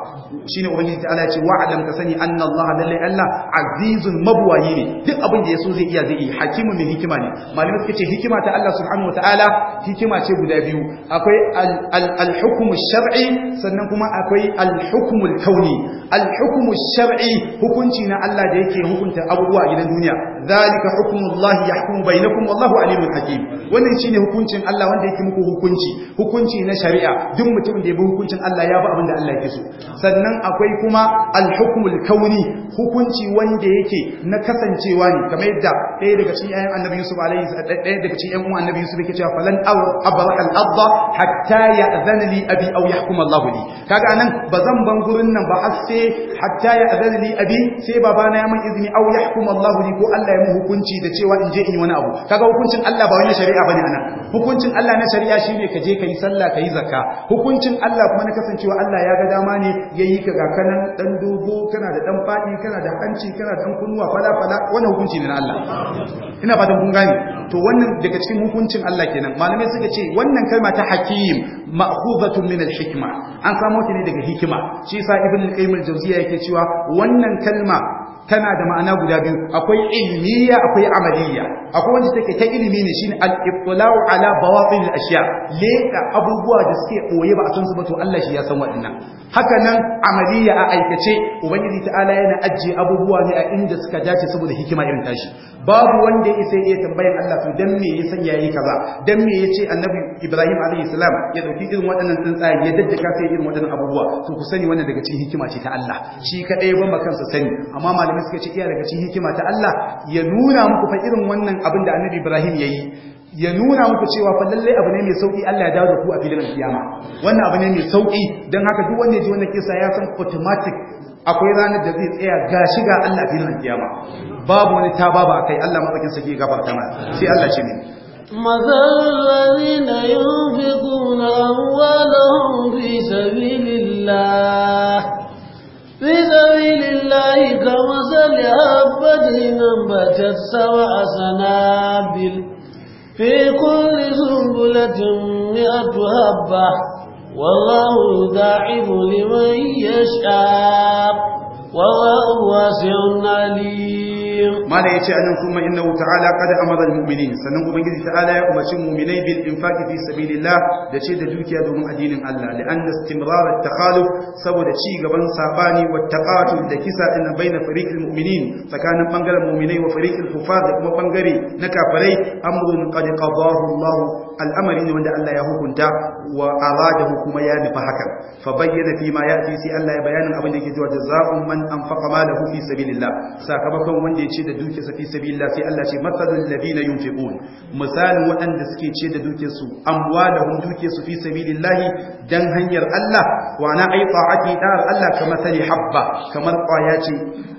shine ubangiji ta Allah ya ce wa'alam ka sani anna Allah Allah azizun mabwayi ne duk abin da so zai iya zai yi hakimun ne hikima ne malamai suka ce hikima ta Allah subhanahu wataala hikima ce guda biyu akwai al shar'i sannan kuma akwai al kauni al shar'i hukunci na Allah da yake hukunta abubuwa a gidan duniya zalika hukmullahi yahkumu bainakum wallahu alimun hakim wannan shine hukuncin Allah wanda yake muku hukunci hukunci na shari'a duk mutumin da ya bi hukuncin Allah ya bi abin da Allah yake so sannan akwai kuma al-hukmul kauni hukunci wanda yake na kasancewa ne kamar yadda ɗaya daga cikin ayyan annabi Yusuf alaihi ɗaya daga cikin ayyan annabi Yusuf yake cewa falan abraha al-ardh hatta ya'zana li abi aw yahkum Allah li kaga anan bazan ban gurin nan ba har sai hatta ya'zana li abi sai babana ya min izini aw yahkum Allah li ko Allah ya mu hukunci da cewa in je in yi wani abu kaga hukuncin Allah ba wani shari'a bane anan hukuncin Allah na shari'a shine ka je ka yi sallah ka yi zaka hukuncin Allah kuma na kasancewa Allah ya ga dama ne ya yi kaga kanan dan dogo kana da dan fadi kana da hanci kana da dan kunnuwa fala fala wannan hukunci ne na Allah ina fatan kun gane to wannan daga cikin hukuncin Allah kenan malamai suka ce wannan kalma ta hakim ma'khuzatun min al-hikma an samu ta ne daga hikima shi sa ibn al-qayyim al-jawziya yake cewa wannan kalma tana da ma'ana guda biyu akwai ilmiya akwai amaliya akwai wanda take ta ilimi ne shine al-ibtila'u ala bawatin al-ashiya leka abubuwa da suke koye ba a san su ba to Allah shi ya san waɗannan haka nan amaliya a aikace ubangiji ta'ala yana ajje abubuwa ne a inda suka dace saboda hikima irin tashi babu wanda ya sai iya tambayan Allah to dan me ya sanya yayi kaza dan me ya ce annabi Ibrahim alaihi salam ya dauki irin waɗannan tsuntsaye ya daddaka sai irin waɗannan abubuwa to ku sani wannan daga cikin hikima ce ta Allah shi kadai ya bamba kansa sani amma malamai suka ce iya daga cikin hikima ta Allah ya nuna muku fa irin wannan abin da annabi ibrahim ya yi ya nuna muku cewa fa lalle abu ne mai sauki Allah ya dawo da ku a filin kiyama wannan abu ne mai sauki dan haka duk wanda ya ji wannan kisa ya san automatic akwai ranar da zai tsaya gashi ga Allah a filin kiyama babu wani ta babu kai Allah matsakin sake gafarta mana sai Allah shi ne مثل ينفقون أموالهم في سبيل الله في سبيل الله كمثل حبة أنبتت سبع سنابل في كل سنبلة مئة حبة والله داعب لمن يشاء والله واسع عليم mala yace anan kuma innahu ta'ala qad amara almu'minin sannan ubangiji ta'ala ya umarci mu'minai bil infaqi fi sabilillah da ce da dukiya domin addinin Allah da anna istimrar at-takhaluf saboda ci gaban sabani wa taqatul da kisa din baina fariqil mu'minin tsakanin bangaren mu'minai wa fariqil kufar da kuma bangare na kafirai amrun qad qadahu Allah al'amari ne wanda Allah ya hukunta wa aradahu kuma ya nufi hakan fa bayyana fi ma ya yati sai Allah ya bayanin abin da yake cewa jazaa'un man anfaqa malahu fi sabilillah sakamakon wanda ya ce da dukiyarsa fi sabilillah sai Allah ce matsalul ladina yunfiqun misalin waɗanda suke ce da dukiyarsu amwalahum dukiyarsu fi sabilillah dan hanyar Allah wa na ai ta'ati dar Allah kamar sani habba kamar kwaya ce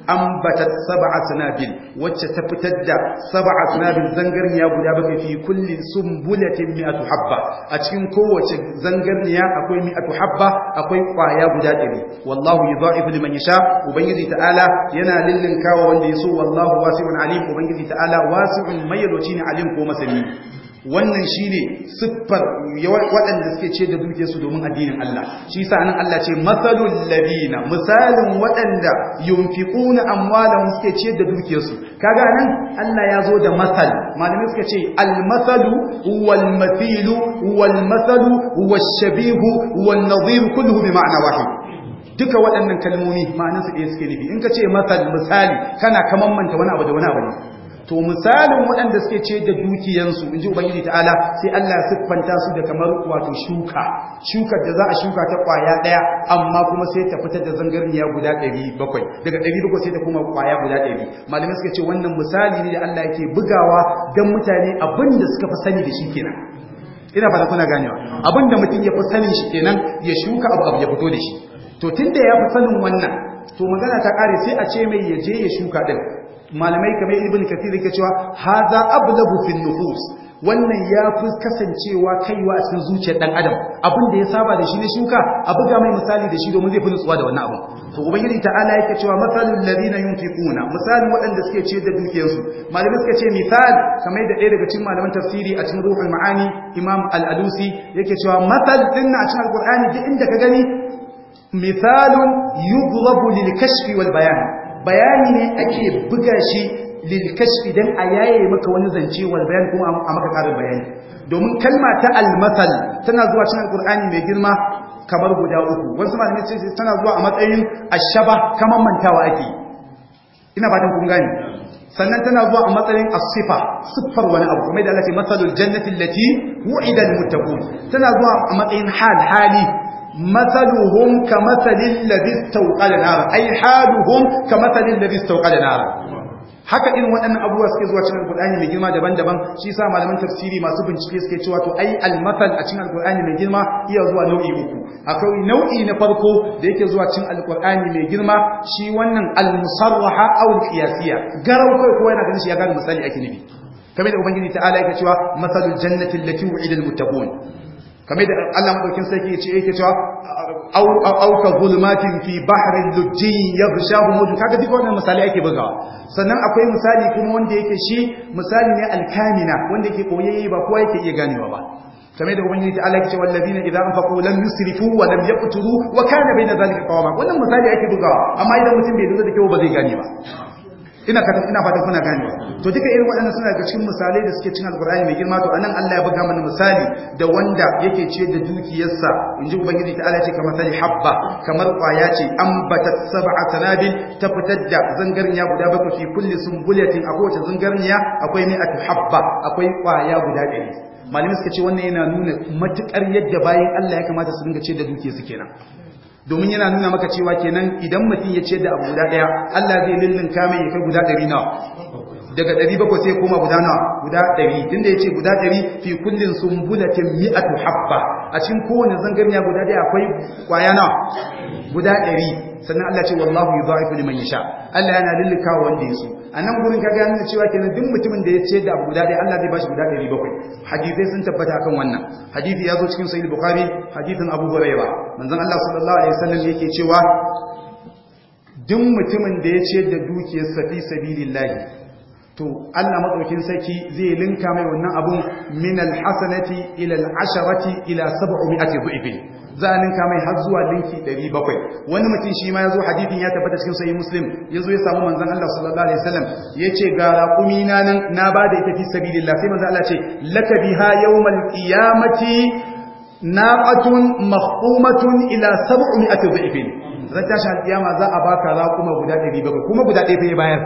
ambatat sab'a sanabil wacce ta fitar da sab'a sanabil zangarniya guda bakai fi kulli sumbulatin mi'atu habba a cikin kowace kowace zangarniya akwai mi'atu habba akwai kwaya guda ɗari wallahu yudha'ifu liman yasha ubangiji ta'ala yana lillinkawa wanda yaso wallahu wasi'un alim ubangiji ta'ala wasi'un mayyaloci ne alim ko masani wannan shine siffar waɗanda suke ce da dukiyarsu su domin addinin Allah shi yasa nan Allah ce masalul ladina misalin waɗanda yunfiquna amwalahum suke ce da dukiyarsu su kaga nan Allah ya zo da masal malamai suka ce al masalu wal mathilu wal masalu wash shabihu wan nadhir kulluhu bi ma'na wahid duka waɗannan kalmomi ma'anansu ɗaya suke nufi in ka ce masal misali kana kamar manta wani abu da wani abu ne to misalin waɗanda suke ce da dukiyansu in ji ubangiji ta'ala sai Allah siffanta su da kamar wato shuka shukar da za a shuka ta ƙwaya ɗaya amma kuma sai ta fitar da zangarniya guda ɗari bakwai daga ɗari bakwai sai ta kuma ƙwaya guda ɗari malamai suka ce wannan misali ne da Allah yake bugawa don mutane abin da suka fi sani da shi kenan ina fata kuna ganewa abin da mutum ya fi sanin shi kenan ya shuka abu abu ya fito da shi to tunda ya fi sanin wannan to magana ta kare sai a ce mai ya je ya shuka din malamai kamar ibn kathir yake cewa hadha ablagu fil nufus wannan ya fi kasancewa kaiwa a cikin zuciyar dan adam abin da ya saba da shi ne shuka a buga mai misali da shi domin zai fi nutsuwa da wannan abu to ubangiji ta'ala yake cewa masalul ladina yunfiquna misalin waɗanda suke ce da dukiyarsu malamai suka ce misal kamar da ɗaya daga cikin malaman tafsiri a cikin ruhul ma'ani imam al-alusi yake cewa masal din a cikin alqur'ani duk inda ka gani misalin yudlabu lil kashfi bayan bayani ne ake buga shi lilkashi idan a yaye maka wani zance wal bayan kuma a maka karin bayani domin kalma ta almasal tana zuwa cikin alkur'ani mai girma kamar guda uku wasu malamai ce tana zuwa a matsayin ashaba kamar mantawa ake ina fatan kun gane sannan tana zuwa a matsayin asifa siffar wani abu kuma da Allah ce masalul jannati allati wu'ida lil muttaqin tana zuwa a matsayin hal hali مثلهم كمثل الذي استوقد نارا أي حالهم كمثل الذي استوقد نارا haka irin waɗannan abubuwa suke zuwa cikin alƙur'ani mai girma daban-daban shi sa malaman tafsiri masu bincike suke cewa to ai al a cikin alƙur'ani mai girma iya zuwa nau'i uku akwai nau'i na farko da yake zuwa cikin alƙur'ani mai girma shi wannan al-musarraha aw qiyasiyya garau kai ko yana ganin shi ya gane misali ake nufi kamar da ubangiji ta'ala yake cewa masalul jannati allati wu'ida al kamar da Allah madaukin sarki ya ce yake cewa au au ka zulmatin fi bahrin lujji yaghshahu mud kaga duk wannan misali ake bugawa sannan akwai misali kuma wanda yake shi misali ne alkamina wanda yake koyayye ba kowa yake iya ganewa ba kamar da ubangiji ta Allah ya ce wallazina idza anfaqu lam yusrifu wa lam yaqturu wa kana bayna zalika qawama wannan misali ake bugawa amma idan mutum bai lura da kyau ba zai gane ba ina ina fata kuna gane to duka irin waɗannan suna ga cikin misalai da suke cin alkur'ani mai girma to anan Allah ya buga mana misali da wanda yake ce da dukiyarsa inji ubangiji ta Allah ce kamar sali habba kamar kwaya ce ambatat sab'a sanabil ta fitar da zangarniya guda bakwai fi kulli sumbulatin a kowace zangarniya akwai ne habba akwai kwaya guda ɗari Malamin suka ce wannan yana nuna matukar yadda bayan Allah ya kamata su dinga ce da dukiyarsu kenan domin yana nuna maka cewa kenan idan mutum ya ce da abu guda daya Allah zai lullun mai ya kai guda ɗari nawa daga ɗari bakwai sai koma guda nawa guda ɗari tunda ya ce guda ɗari fi kullin sumbulatin mi'atu habba a cikin kowane zangarniya guda daya akwai kwaya nawa guda ɗari sannan Allah ce wallahu yudha'ifu liman yasha Allah yana lullunka wanda ya so a nan gurin ka gani nuna cewa kenan duk mutumin da ya ce da abu guda ɗaya Allah zai bashi guda ɗari bakwai Hadizai sun tabbata akan wannan hadisi ya zo cikin sahih bukhari hadisin abu hurayra manzon Allah sallallahu alaihi wasallam yake cewa duk mutumin da ya ce da dukiyarsa fi sabilillahi to Allah madaukin saki zai linka mai wannan abun min alhasanati ila alasharati ila 700 dhifi za a ninka mai har zuwa linki 700 wani mutum shi ma ya zo hadithin ya tabbata cikin sahih muslim ya zo ya samu manzon Allah sallallahu alaihi wasallam ya ce ga raƙumi na nan na ba da ita fi sabilillah sai manzon Allah ce laka biha yawmal qiyamati naqatun mahqumatun ila 700 dhifin ran tashi alƙiyama za a baka raƙuma guda 700 kuma guda ɗaya ya bayar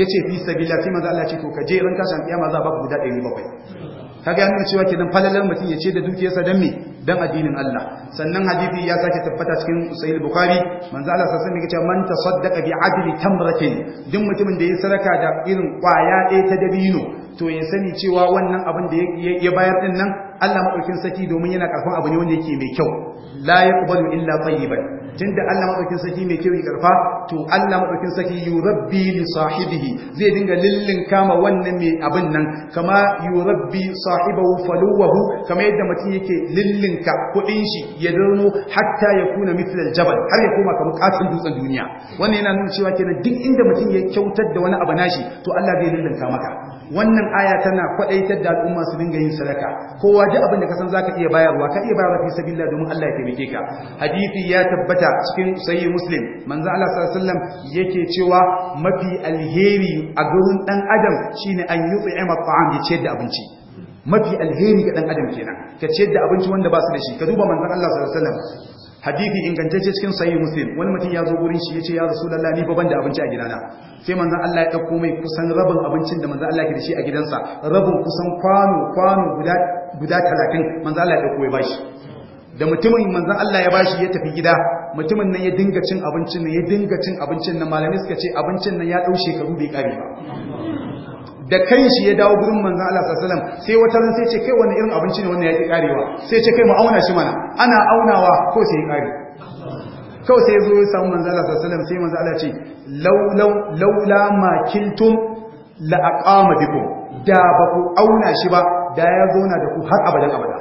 ya ce fi sabila sai manzo Allah ce to ka je ran tashin kiyama za a baka guda 700 kaga yana cewa kenan falalar mutum ya ce da dukiyarsa dan me dan addinin Allah sannan hadisi ya sake tabbata cikin sahih bukhari manzo Allah sasa alaihi wasallam man tasaddaqa bi adli tamratin duk mutumin da ya sadaka da irin kwaya ɗaya ta dabino to ya sani cewa wannan abin da ya bayar din nan Allah madaukin saki domin yana karfan abu ne wanda yake mai kyau la yaqbalu illa tayyiban tunda Allah madaukin saki mai kyau ya karfa to Allah madaukin saki yurabbi li sahibihi zai dinga lillin kama wannan mai abin nan kama yurabbi sahibahu faluwahu kama yadda mutum yake ka kuɗin shi ya dano hatta ya kuna mithla aljabal har ya koma kamar katin dutsen duniya wannan yana nuna cewa kenan duk inda mutum ya kyautar da wani abu nashi to Allah zai ka maka wannan aya tana kwadaitar da al'umma su dinga yin sadaka kowa duk abin da ka san zaka iya bayarwa ka iya bayarwa fi sabilillah domin Allah ya taimake ka hadisi ya tabbata cikin sahih muslim manzo Allah sallallahu alaihi wasallam yake cewa mafi alheri a gurin dan adam shine an yut'ima ta'am ya ciyar da abinci mafi alheri ga dan adam kenan ka ciyar da abinci wanda ba su da shi ka duba manzo Allah sallallahu alaihi wasallam hadithi ingantacce cikin sahih muslim wani mutum ya zo gurin shi yace ya rasulullah ni baban da abinci a gidana sai manzon Allah ya dauko mai kusan rabin abincin da manzon Allah ke da shi a gidansa rabin kusan kwano kwano guda guda 30 manzon Allah ya dauko ya bashi da mutumin manzon Allah ya bashi ya tafi gida mutumin nan ya dinga cin abincin nan ya dinga cin abincin nan malamai suka ce abincin nan ya dau shekaru bai kare ba da kanshi ya dawo gurin manzo Allah sallallahu alaihi wasallam sai wata ran sai ce kai wani irin abinci ne wannan yake karewa sai ce kai mu auna shi mana ana aunawa ko sai kare kawai sai zo sai samu manzo Allah sallallahu alaihi wasallam sai manzo Allah ce laulau laula kiltum la aqama bikum da ba ku auna shi ba da ya na da ku har abadan abada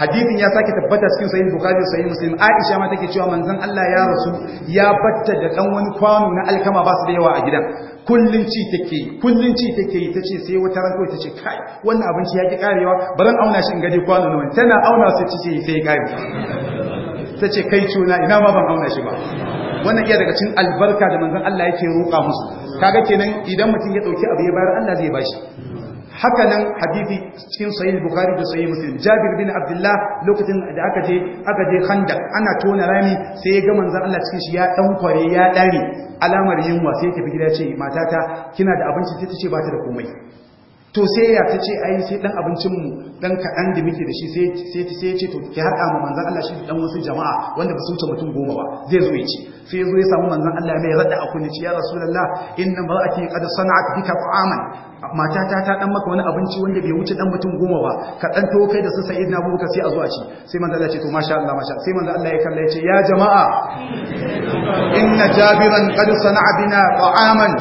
hadisin ya sake tabbata cikin sahih bukhari sahih muslim aisha ma take cewa manzon Allah ya rasu ya batta da dan wani kwano na alkama ba su da yawa a gidan kullun ci take kullun ci take tace sai wata ran kai tace kai wannan abinci ya ki karewa baran auna shi in gade kwano nawa tana auna sai tace sai kai tace kai cuna ina ma ban auna shi ba wannan iya daga cikin albarka da manzon Allah yake roƙa musu kaga kenan idan mutum ya dauki abu ya bayar Allah zai bashi haka nan hadithi cikin sahih bukhari da sahih muslim jabir bin abdullah lokacin da aka je aka je Handa. ana tona rami sai ya ga Manzan, Allah cikin shi ya dan kware ya dare alamar yunwa sai ya tafi gida ce matata kina da abinci sai ta ce ba ta da komai to sai ya ta ce ai sai dan abincinmu dan kaɗan da muke da shi sai ya ce to ki haɗa ma manzan Allah shi dan wasu jama'a wanda ba su wuce mutum goma ba zai zo ya ci sai ya zo ya samu manzan Allah mai raɗa a kunci ya rasulullah inna mar'ati qad sana'a bika ta'aman matata ta dan maka wani abinci wanda bai wuce dan mutum goma ba ka dan to kai da su sai na buka sai a zuwa shi. ci sai manzo Allah ya ce to masha Allah masha sai manzo Allah ya kalla ya ce ya jama'a inna jabiran qad sana'a bina ta'aman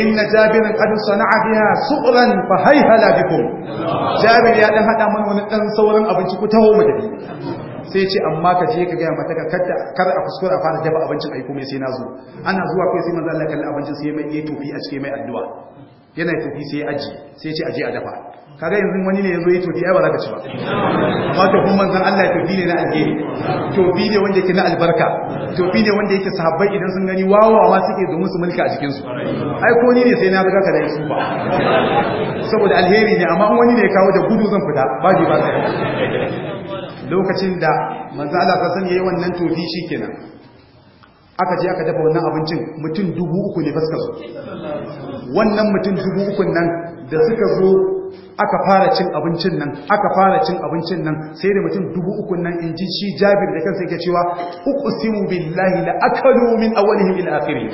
inna jabiran qad sana'a biha su'lan fa hayhala bikum jabir ya dan hada mana wani dan sauran abinci ku taho mu dadi sai ce amma ka je ka gaya mata ka kar a kuskura fara dafa abincin aiko mai sai na zo ana zuwa kai sai manzo Allah kalla abincin sai mai yi tofi a cikin mai addu'a yana tafi sai aji sai ce aje a dafa kaga yanzu wani ne yazo ya tofi ai ba za ka ci ba amma to kun manzon Allah tofi ne na alheri tofi ne wanda yake na albarka tofi ne wanda yake sahabbai idan sun gani wawawa suke domin su mulka a jikinsu. su ai ko ni ne sai na ga ka da su ba saboda alheri ne amma wani ne ya kawo da gudu zan fita ba ji ba lokacin da manzon Allah ka sani yayi wannan tofi shikenan aka je aka dafa wannan abincin mutum dubu uku ne baska zo wannan mutum dubu uku nan da suka zo aka fara cin abincin nan aka fara cin abincin nan sai da mutum dubu uku nan in ji shi jabir da kansa yake cewa simu billahi la akalu min awalihim ila akhirih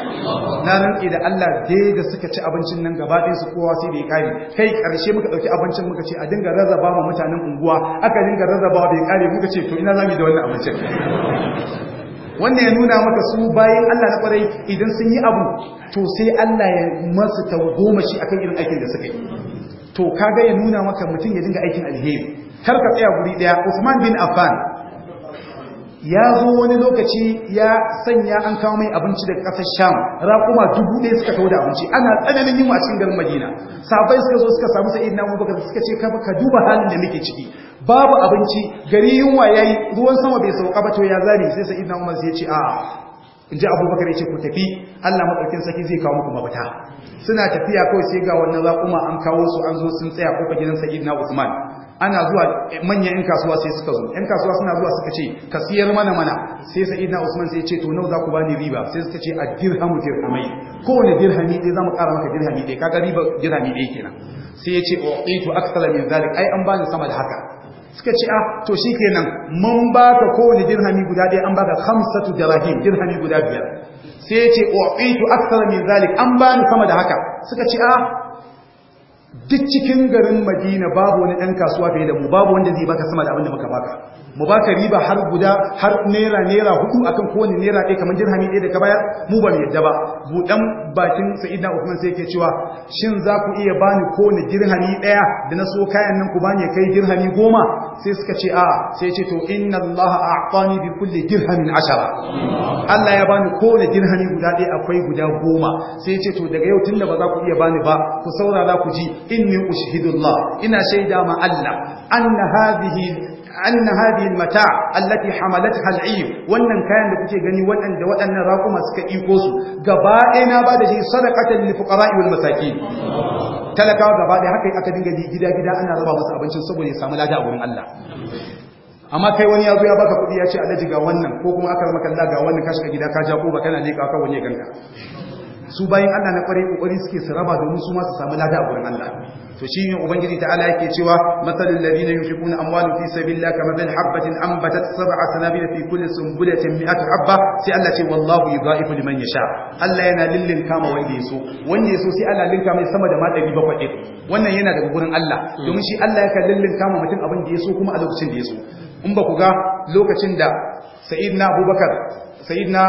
na nan idan Allah dai da suka ci abincin nan gaba ɗayan su kowa sai da ya kare kai karshe muka dauki abincin muka ce a dinga rarraba ma mutanen unguwa aka dinga rarrabawa bai kare muka ce to ina zamu da wannan abincin wannan ya nuna maka su bayan Allah na kwarai idan sun yi abu to sai Allah ya masu ta goma shi akan irin aikin da suka yi to kaga ya nuna maka mutum ya dinga aikin alheri kar ka tsaya guri daya Usman bin Affan ya zo wani lokaci ya sanya an kawo mai abinci daga ƙasar sham raƙuma dubu ɗaya suka kawo da abinci ana tsananin yin a cikin garin madina sabai suka zo suka samu sa'id na abubakar suka ce kafa ka duba halin da muke ciki babu abinci gari yunwa ya yi ruwan sama bai sauka ba to ya zane sai sa'id na umar ya ce a in ji abubakar ya ce ku tafi allah maɗaukin saki zai kawo muku mafita suna tafiya kawai sai ga wannan raƙuma an kawo su an zo sun tsaya kofar gidan sa'id na usman ana zuwa eh, manyan yan kasuwa sai suka zo yan kasuwa suna zuwa suka ce ka siyar mana mana sai na usman sai ce to nau za ku bani riba sai suka ce a dirhamu dirhamai kowane dirhami ɗaya za mu ƙara maka dirhami ɗaya kaga riba dirhami ɗaya kenan sai ya ce o uqitu akthara min zalik ai an bani sama da haka suka ce ah to shi kenan mun baka kowane dirhami guda ɗaya an baka khamsatu dirahim dirhami guda biyar sai ya ce o uqitu akthara min zalik an bani sama da haka suka ce ah duk cikin garin madina babu wani ɗan kasuwa fiye da mu babu wanda zai baka sama da abin da muka baka mu baka riba har guda har naira naira hudu akan kowane naira ɗaya kamar jirhani ɗaya da ka bayar mu ba mu yadda ba buɗan bakin sa'idna usman sai yake cewa shin za ku iya bani kowane jirhani ɗaya da na so kayan nan ku bani kai jirhani goma sai suka ce a ah, sai ce to inna Allah a'tani bi kulli dirhamin ashara Allah ya bani kowane dirhami guda ɗaya akwai guda goma sai ce to daga yau tunda ba za ku iya bani ba ku saurara ku ji inni ushhidullah ina shaida ma Allah anna hadhihi anna hadhihi almata allati hamalatha al'ib wannan kayan da kuke gani waɗanda waɗannan raƙuma suka iko su gaba na ba da shi sadaqatan lil fuqara'i wal masakin talakawa gaba da haka aka dinga ji gida gida ana raba masa abincin saboda ya samu lada a wurin Allah amma kai wani ya zo ya baka kuɗi ya ce alaji ga wannan ko kuma aka maka Allah ga wannan kashi gida ka ja ko ba kana leka ka wani ganka su bayan Allah na kware kokari suke su raba domin su ma su samu lada a wurin Allah to shi ne ubangiji ta'ala yake cewa masalul ladina yunfiquna amwalu fi sabilillahi kamathal habatin anbatat sab'a sanabil fi kulli sunbulatin mi'atu habba sai Allah ce wallahu yudha'ifu liman sha. Allah yana lillin kama wanda yaso wanda yaso sai Allah linka mai sama da ma ɗari bakwai ɗin. wannan yana daga gurin Allah hmm. domin shi Allah yake lillin kama mutum abin da so kuma a lokacin da ya so. in ba ku ga lokacin da sayyidina Abubakar sayyidina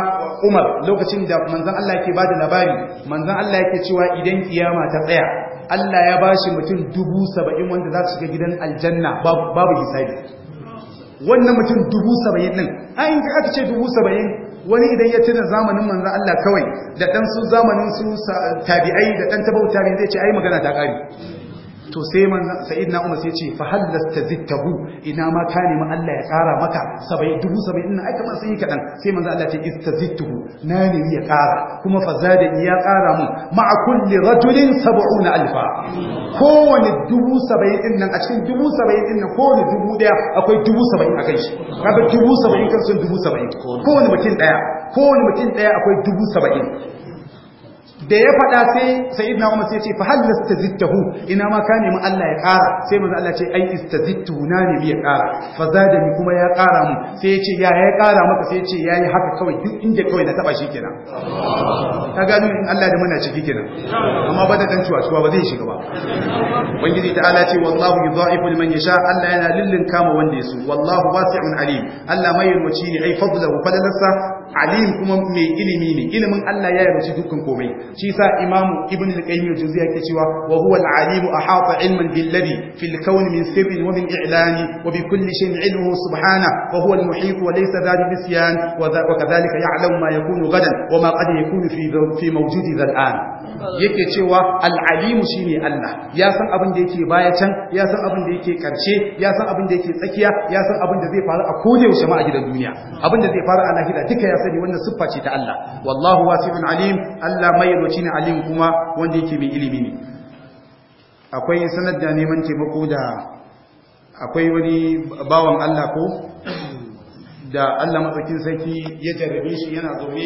Umar lokacin da manzon Allah yake bada labari manzon Allah yake cewa idan kiyama ta tsaya Allah ya bashi mutum dubu saba'in wanda za su shiga gidan aljanna babu hisabi wannan mutum dubu saba'in ɗin ayin ka aka ce dubu saba'in wani idan ya tuna zamanin manzan Allah kawai da ɗan zamanin su tabi'ai da ɗan tabauta ne zai ce ai magana ta ƙari to sai manzon sayyidina umar sai ce fa hallasta zittahu ina ma ka nemi Allah ya kara maka 70 dubu 70 ina ai kamar sai kadan sai manzon Allah ce istazittuhu na nemi ya kara kuma fa zada ya kara mun ma'a kulli rajulin 70 alfa Kowani dubu 70 din nan a cikin dubu 70 din nan kowani dubu daya akwai dubu 70 akan shi kaga dubu 70 kan sun dubu 70 Kowani mutum daya mutum daya akwai dubu 70 da ya faɗa sai sayyidina Umar sai ce fa hal lastazittahu ina ma ka nemi Allah ya ƙara sai manzo Allah ce ai istazittu na nemi ya ƙara fa zadani kuma ya ƙara mu sai ya ce ya ya ƙara maka sai ya ce yayi haka kawai duk inda kawai na taba shi kenan ka gano in Allah da muna ciki kenan amma ba da dan cuwa cuwa ba zai shiga ba ubangiji ta'ala ce wallahu yudha'ifu liman yasha Allah yana lillin kama wanda ya so wallahu wasi'un alim Allah mai yalwaci ne ai fadlahu fadlansa alim kuma mai ilimi ne ilimin Allah ya yalwaci dukkan komai shi sa imamu ibn al-qayyim al cewa wa huwa al-alim ahata ilman billadhi fil kawn min sirrin wa min i'lani wa bi kulli shay'in ilmuhu subhanahu wa huwa al-muhit wa laysa dhali bisyan wa kadhalika ya'lamu ma yakunu gadan wa ma qad yakunu fi fi mawjudi al-an yake cewa al-alim shine Allah ya san abin da yake baya can ya san abin da yake karshe ya san abin da yake tsakiya ya san abin da zai faru a kodayaushe ma a gidan duniya abin da zai faru a lahira duka ya sani wannan siffa ce ta Allah wallahu wasi'un alim Allah mai mabaci ne alim kuma wanda yake mai ilimi ne akwai sanar da neman taimako da akwai wani bawan Allah ko da Allah matsakin sarki ya jarabe shi yana zaune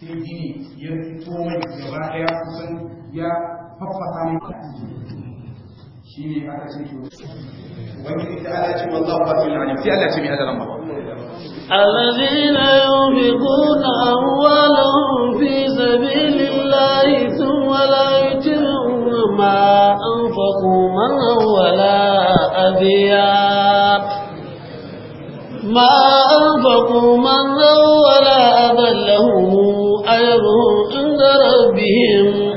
sai gini ya fito mai gaba daya kusan ya faffasa mai shi ne aka ce wani ita ala ce wallahu ba fi sai Allah ce mai adalan ba الذين ينفقون أموالهم في سبيل الله ثم لا يتبعون ما أنفقوا منه ولا أذيا ما أنفقوا منه ولا أذى لهم أجرهم عند ربهم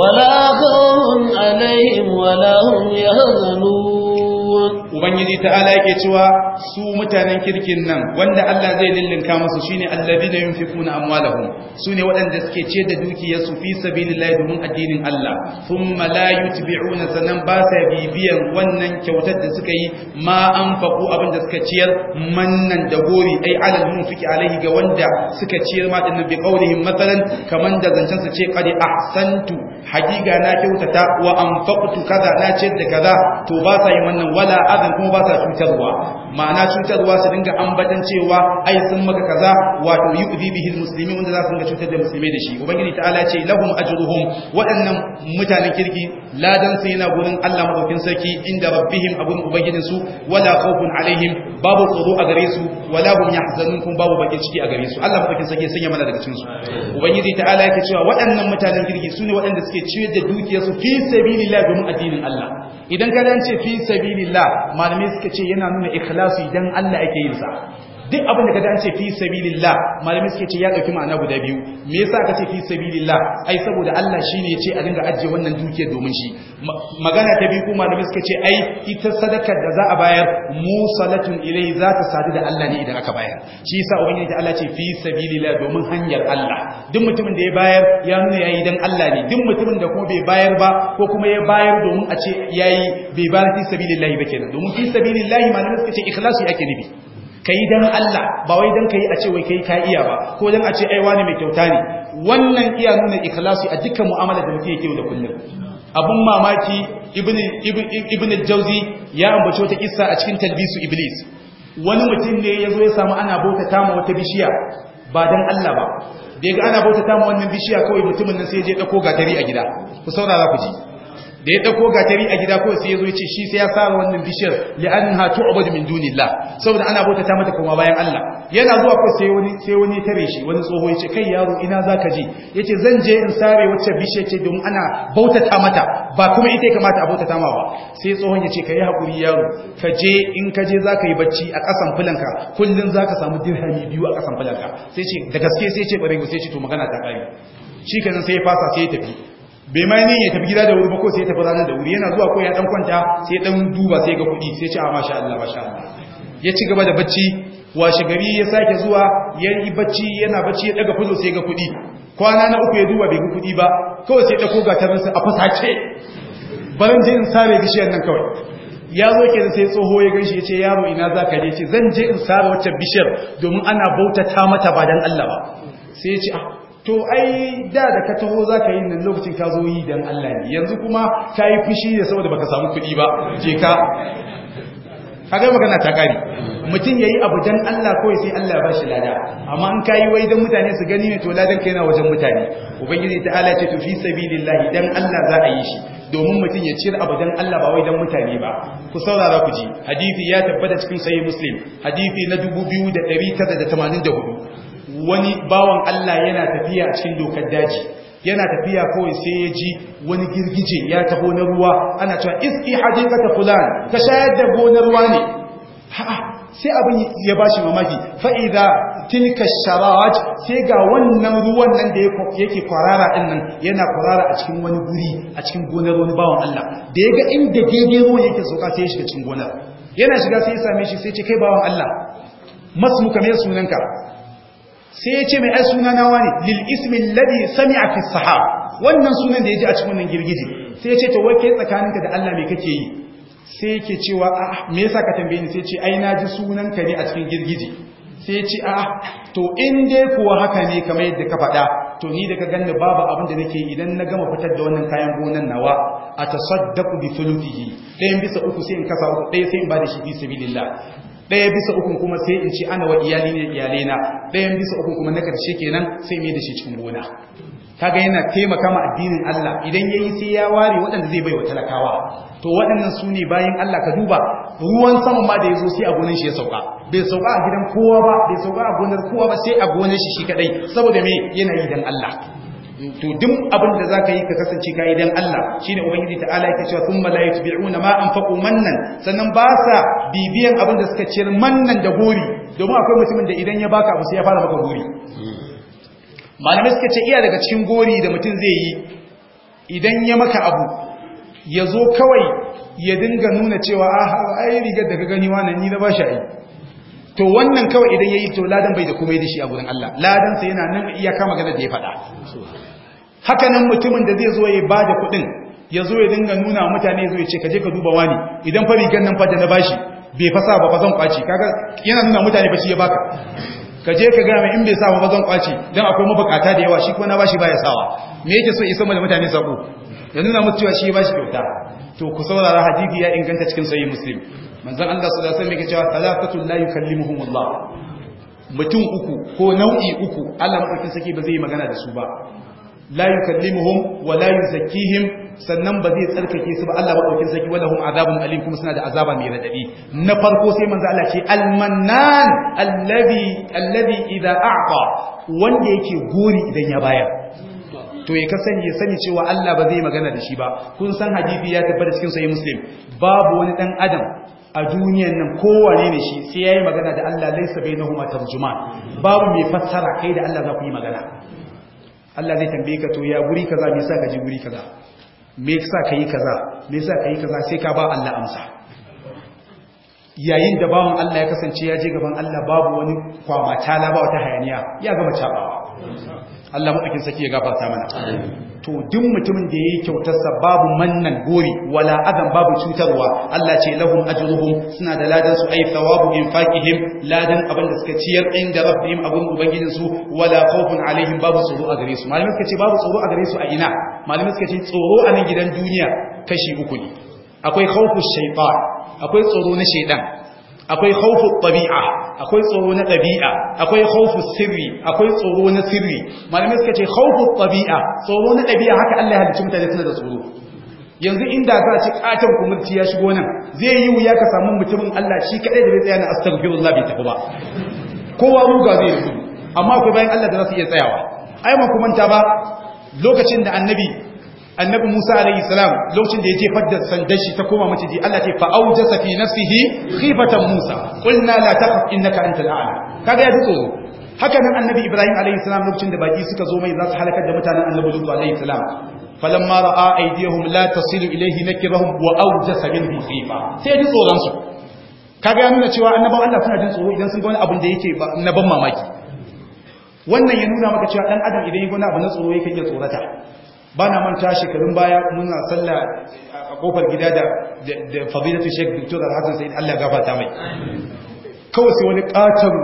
ولا خوف عليهم ولا هم يحزنون ubangiji ta'ala yake cewa su mutanen kirkin nan wanda Allah zai lillinka musu shine alladina yunfikuna amwalahum sune waɗanda suke ce da dukiyarsu fi sabilillahi domin addinin Allah thumma la yutbi'una sanan ba sa bibiyan wannan kyautar da suka yi ma anfaqu abin da suka ciyar mannan da gori ai alal munfiki alaihi ga wanda suka ciyar ma dinnan bi qaulihim masalan kaman da zancen su ce qad ahsantu haqiqa na kyautata wa anfaqtu kaza na ciyar da kaza to ba sa yin wannan wala sa'annan kuma ba sa cutarwa ma'ana cutarwa su dinga ambatan cewa ai sun maka kaza wato yu'zi bihi almuslimin wanda za su dinga cutar da musulmi da shi ubangiji ta'ala ce lahum ajruhum waɗannan mutanen kirki ladan su yana gurin Allah madaukin sarki inda rabbihim abun ubangijin su wala khawfun alaihim babu tsoro a gare su wala hum yahzanun kun babu bakin ciki a gare su Allah madaukin sarki sanya mana daga cikin su ubangiji ta'ala yake cewa waɗannan mutanen kirki su ne waɗanda suke ciyar da dukiyarsu fi sabilillah domin addinin Allah idan ka dan ce fi sabilillah malamai suka ce yana nuna ikhlasi dan Allah ake yin sa duk abin da ka dace ce fi sabilillah malami suke ce ya dauki ma'ana guda biyu me yasa aka ce fi sabilillah ai saboda Allah shine ya ce a dinga ajiye wannan dukiyar domin shi magana ta biyu kuma malami suka ce ai ita sadakar da za a bayar musalatun ilai za ta sadu da Allah ne idan aka bayar shi yasa ubangiji ta Allah ce fi sabilillah domin hanyar Allah duk mutumin da ya bayar ya nuna yayi dan Allah ne duk mutumin da kuma bai bayar ba ko kuma ya bayar domin a ce yayi bai bayar fi sabilillah ba kenan domin fi sabilillah malami suka ce ikhlasi ake nufi ka yi don Allah ba wai don ka yi a ce wai ka yi ka iya ba ko don a ce aiwa ne mai kyauta ne wannan iya nuna ikhlasi a dukkan mu'amala da muke yake da kullum Abin mamaki ibn jauzi ya ambaci wata kissa a cikin talbisu iblis wani mutum ne ya zo ya samu ana bauta wata bishiya ba don Allah ba da ya ga ana bauta wannan bishiya kawai mutumin nan sai ya je ɗauko gatari a gida ku saurara ku ji da ya dauko gatari a gida ko sai yazo ya ce shi sai ya saba wannan bishiyar li'annaha tu'badu min dunillah saboda ana bauta ta mata kuma bayan Allah yana zuwa ko sai wani sai wani tare shi wani tsoho ya ce kai yaro ina zaka je yace zan je in sare wacce bishiyar ce domin ana bauta ta mata ba kuma ita ya kamata a bauta ta ma ba sai tsohon ya ce kai hakuri yaro ka je in ka je zaka yi bacci a kasan fulanka kullun zaka samu dirhami biyu a kasan fulanka sai ce da gaske sai ce bare sai ce to magana ta kai shi kenan sai ya fasa sai ya tafi bai mai ne ya tafi gida da wuri ba ko sai ya tafi ranar da wuri yana zuwa ko ya dan kwanta sai dan duba sai ga kuɗi sai ce a ah, masha Allah masha Allah ya ci gaba da bacci washe gari ya sake zuwa ya yi bacci yana bacci ya daga fuzo sai ga kuɗi kwana na uku ya duba bai ga kuɗi ba kawai sai ɗauko sa a fasace barin je in sare bishiyar nan kawai ya zo ke sai tsoho ya ganshi ya ce yaro ina za ka je ce zan je in sare wacce bishiyar domin ana bautata mata ba don Allah ba sai ya ce ah, to ai da da ka taho za ka yi nan lokacin ka zo yi don Allah ne yanzu kuma ka yi fushi da saboda baka samu kuɗi ba je ka kaga magana ta kare mutum ya yi abu dan Allah kawai sai Allah ba shi lada amma in yi wai dan mutane su gani ne to ladan kai na wajen mutane ubangiji ta ala ce to fi sabilillahi dan Allah za a yi shi domin mutum ya cire abu dan Allah ba wai dan mutane ba ku saurara ku ji hadisi ya tabbata cikin sahih muslim hadisi na da da hudu. wani bawan Allah yana tafiya a cikin dokar daji yana tafiya kawai sai ya ji wani girgije ya taho na ruwa ana cewa iski hajjata fulani. ta shayar da gonar ruwa ne sai abin ya bashi mamaki fa'iza tilka sharaj sai ga wannan ruwan nan da yake kwarara din nan yana kwarara a cikin wani guri a cikin gonar wani bawan Allah da ya ga inda daidai ruwan yake sauka sai ya shiga cikin gonar yana shiga sai ya same shi sai ce kai bawan Allah masmuka me sunanka sai ya ce mai ai suna nawa ne lil ismi alladhi sami'a fi wannan sunan da ya ji a cikin wannan girgije sai ya ce to wai tsakaninka da Allah me kake yi sai yake cewa a me yasa ka tambaye ni sai ce ai na ji sunan ka ne a cikin girgije sai ce a to in dai kuwa haka ne kamar yadda ka faɗa to ni daga ka babu abin da nake idan na gama fitar da wannan kayan gonan nawa a tasaddaqu bi thuluthihi ɗayan bisa uku sai in kasa uku ɗaya sai in ba da shi fi sabilillah ɗaya bisa uku kuma sai in ci ana wa iyali ne na, ɗayan bisa uku kuma na karshe kenan sai mai da shi cikin gona kaga yana taimaka ma addinin Allah idan yayi sai ya ware waɗanda zai bai wa talakawa to waɗannan su ne bayan Allah ka duba ruwan sama ma da ya zo sai a gonar shi ya sauka bai sauka a gidan kowa ba bai sauka a gonar kowa ba sai a gonar shi shi kadai saboda me yana yi dan Allah to duk abin da zaka yi ka kasance ka idan Allah shine ubangiji ta'ala yake cewa thumma la yatbi'una ma anfaqu mannan sannan ba sa bibiyan abin da suka ciyar mannan da gori domin akwai mutumin da idan ya baka abu sai ya fara maka gori malamai suka ce iya daga cikin gori da mutum zai yi idan ya maka abu ya zo kawai ya dinga nuna cewa a ah, ai rigar da ka gani wannan ni na ba shi ai to wannan kawai idan yayi to ladan bai da komai da shi a gurin Allah ladan sa yana nan iyaka magana da ya faɗa haka nan mutumin da zai zo ya bada kuɗin ya zo ya dinga nuna mutane zo ya ce kaje ka duba wani idan fa rigan nan fa da na bashi bai fasa ba fa zan kwaci kaga yana nuna mutane fa shi ya baka kaje ka ga mai in bai sa ba zan kwaci dan akwai mabukata da yawa shi kuma na bashi baya sawa me yake so isa da mutane sako ya nuna mutuwa shi ya bashi kyauta to ku saurara hadisi ya inganta cikin sahih muslim manzon Allah sallallahu alaihi wasallam yake cewa thalathatul la yukallimuhumullah mutum uku ko nau'i uku Allah madaukin saki ba zai yi magana da su ba la yukallimuhum wa la yuzakkihim sannan ba zai tsarkake su ba Allah madaukin saki wala hum azabun alim kuma suna da azaba mai radadi na farko sai manzo Allah ce almannan alladhi alladhi idha a'ta wanda yake gori idan ya bayar to ya kasance ya sani cewa Allah ba zai magana da shi ba kun san hadisi ya tabbata cikin sahih muslim babu wani dan adam a duniyan nan kowane ne shi sai yayi magana da Allah laisa bainahuma tarjuma babu mai fassara kai da Allah za ku yi magana Allah zai tambaye ka to ya guri kaza me yasa ka ji guri kaza me yasa ka yi kaza me yasa ka yi kaza sai ka ba Allah amsa yayin da bawan Allah ya kasance ya je gaban Allah babu wani kwamata la ba wata hayaniya ya gama cabawa Allah madaukin saki ya gafarta mana to duk mutumin da yayi kyautarsa babu mannan gori wala adan babu cutarwa Allah ce lahum ajruhum suna da ladan su ay thawabu infaqihim ladan abin da suka ciyar inda rabbihim abun ubangijin su wala khawfun alaihim babu tsoro a gare su malamin suka ce babu tsoro a gare su a ina malamin suka ce tsoro a nan gidan duniya kashi uku ne akwai khawfu shaytan akwai tsoro na shaytan akwai khawfu tabi'a akwai tsoro na ɗabi'a akwai khawfu sirri akwai tsoro na sirri malamai suka ce khawfu tabi'a tsoro na ɗabi'a haka Allah ya halicci mutane suna da tsoro yanzu inda za a ci katon kumurci ya shigo nan zai yi wuya ka samu mutumin Allah shi kadai da bai tsaya na astaghfirullah bai tafi ba kowa ruga zai yi amma akwai bayan Allah da za su iya tsayawa ai ma kuma ta ba lokacin da annabi annabi Musa alayhi salam lokacin da ya je fadda sanda shi ta koma maciji Allah ce fa aujasa fi nafsihi khifatan Musa qulna la taqaf innaka antal a'la kaga ya tsoro haka nan annabi Ibrahim alayhi salam lokacin da baki suka zo mai za su halakar da mutanen annabi Lut alayhi salam falamma ra'a aydihum la tasilu ilayhi nakirahum wa aujasa minhum khifa sai ji tsoron su kaga ya nuna cewa annabi Allah suna jin tsoro idan sun ga wani abin da yake na ban mamaki wannan ya nuna maka cewa dan adam idan ya gona abu na tsoro yake iya tsorata ba na manta shekarun baya muna sallah a kofar gida da fadilatu shek dr hassan sai allah ta mai kawai sai wani katon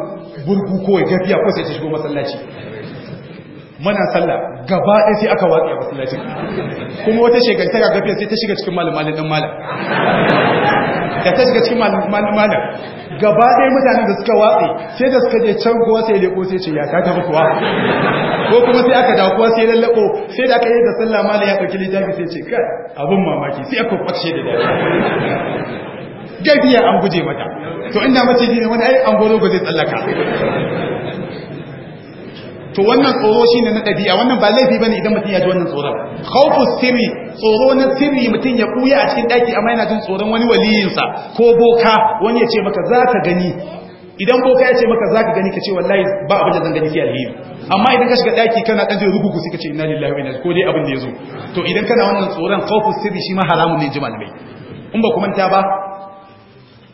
burgu kawai gafiya ko sai shigo masallaci mana sallah gaba ɗaya sai aka watsa matsalaci kuma wata shekarta ta gafiya sai ta shiga cikin malamalin ɗan malam da ta shiga cikin malam gaba ɗaya mutanen da suka watsi sai da suka je can kuwa sai leko sai ce ya ta tafi kuwa ko kuma sai aka dawo sai lallabo sai da aka yi da sallah mala ya ɗauki littafi sai ce kai abin mamaki sai aka kwace da dare gabiya an guje mata to inda mace ne wani ai an goro ba zai tsallaka to wannan tsoro shine na dabi'a wannan ba laifi bane idan mutum ya ji wannan tsoron khawfu sirri tsoro na sirri mutum ya buya a cikin daki amma yana jin tsoron wani waliyinsa ko boka wani ya ce maka zaka gani idan boka ya ce maka zaka gani ka ce wallahi ba abin da zan gani fi alheri amma idan ka shiga daki kana dan jin rugugu sai ka ce inna lillahi wa inna ko dai abin da yazo to idan kana wannan tsoron khawfu sirri shi ma haramun ne ji in ba kuma ta ba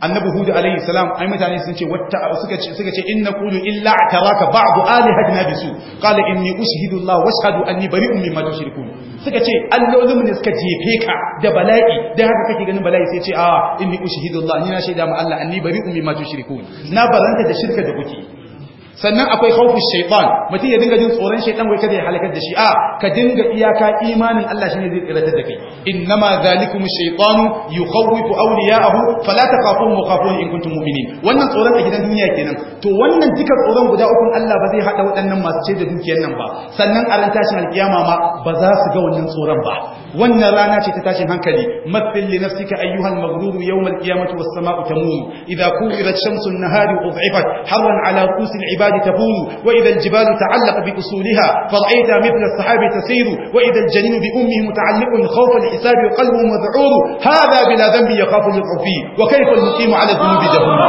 annabi hudu alaihi salam ai mutane sun ce wata suka ce suka ce inna qulu illa ataraka ba'du alihatina bisu qala inni ushhidu allah washhadu anni bari'un mimma tushrikun suka ce allolin ne suka jefe ka da bala'i dan haka kake ganin bala'i sai ce a ah, inni ushhidu allah ni na shaida ma allah anni bari'un mimma tushrikun na baranta da shirka da kuke sannan akwai khawfu shaytan mutum ya dinga jin tsoron shaiɗan wai kada ya halakar da shi a ka dinga iyaka imanin Allah shine zai tsiratar da kai innama zalikum ya yukhawifu Falata fala mu khafun in kuntum mu'minin wannan tsoron a gidan duniya kenan to wannan dukkan tsoron guda ukun Allah ba zai hada waɗannan masu ce da dukiyar nan ba sannan a ran tashin alkiyama ma ba za su ga wannan tsoron ba wannan rana ce ta tashin hankali mathil li nafsika ayyuhal maghrur yawm alqiyamati was sama'u tamum idha kuwirat shamsu an-nahari udhifat harran ala qusil ibad العباد تفور وإذا الجبال تعلق بأصولها فرأيت مثل السحاب تسير وإذا الجنين بأمه متعلق خوف الحساب وقلبه مذعور هذا بلا ذنب يخاف للعفي وكيف المقيم على الذنوب دهما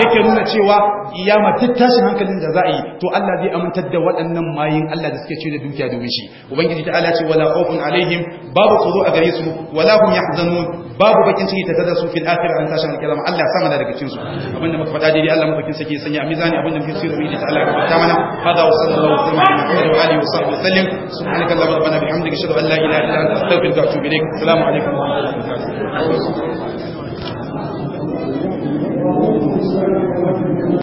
yake nuna cewa kiyama duk tashin hankalin da za'i to Allah zai amintar da waɗannan mayin Allah da suke cire dukiya domin shi ubangiji ta Allah ce wala khawfun a gare su wala hum yahzanun babu bakin ciki ta tada su fil akhirah an tashin alkiyama Allah sama da a تفسير به الله كبرتا هذا وصلى الله وسلم على محمد وآله وصحبه وسلم سبحانك اللهم ربنا بحمدك أشهد أن لا إله إلا أنت أستغفرك وأتوب إليك السلام عليكم ورحمة الله وبركاته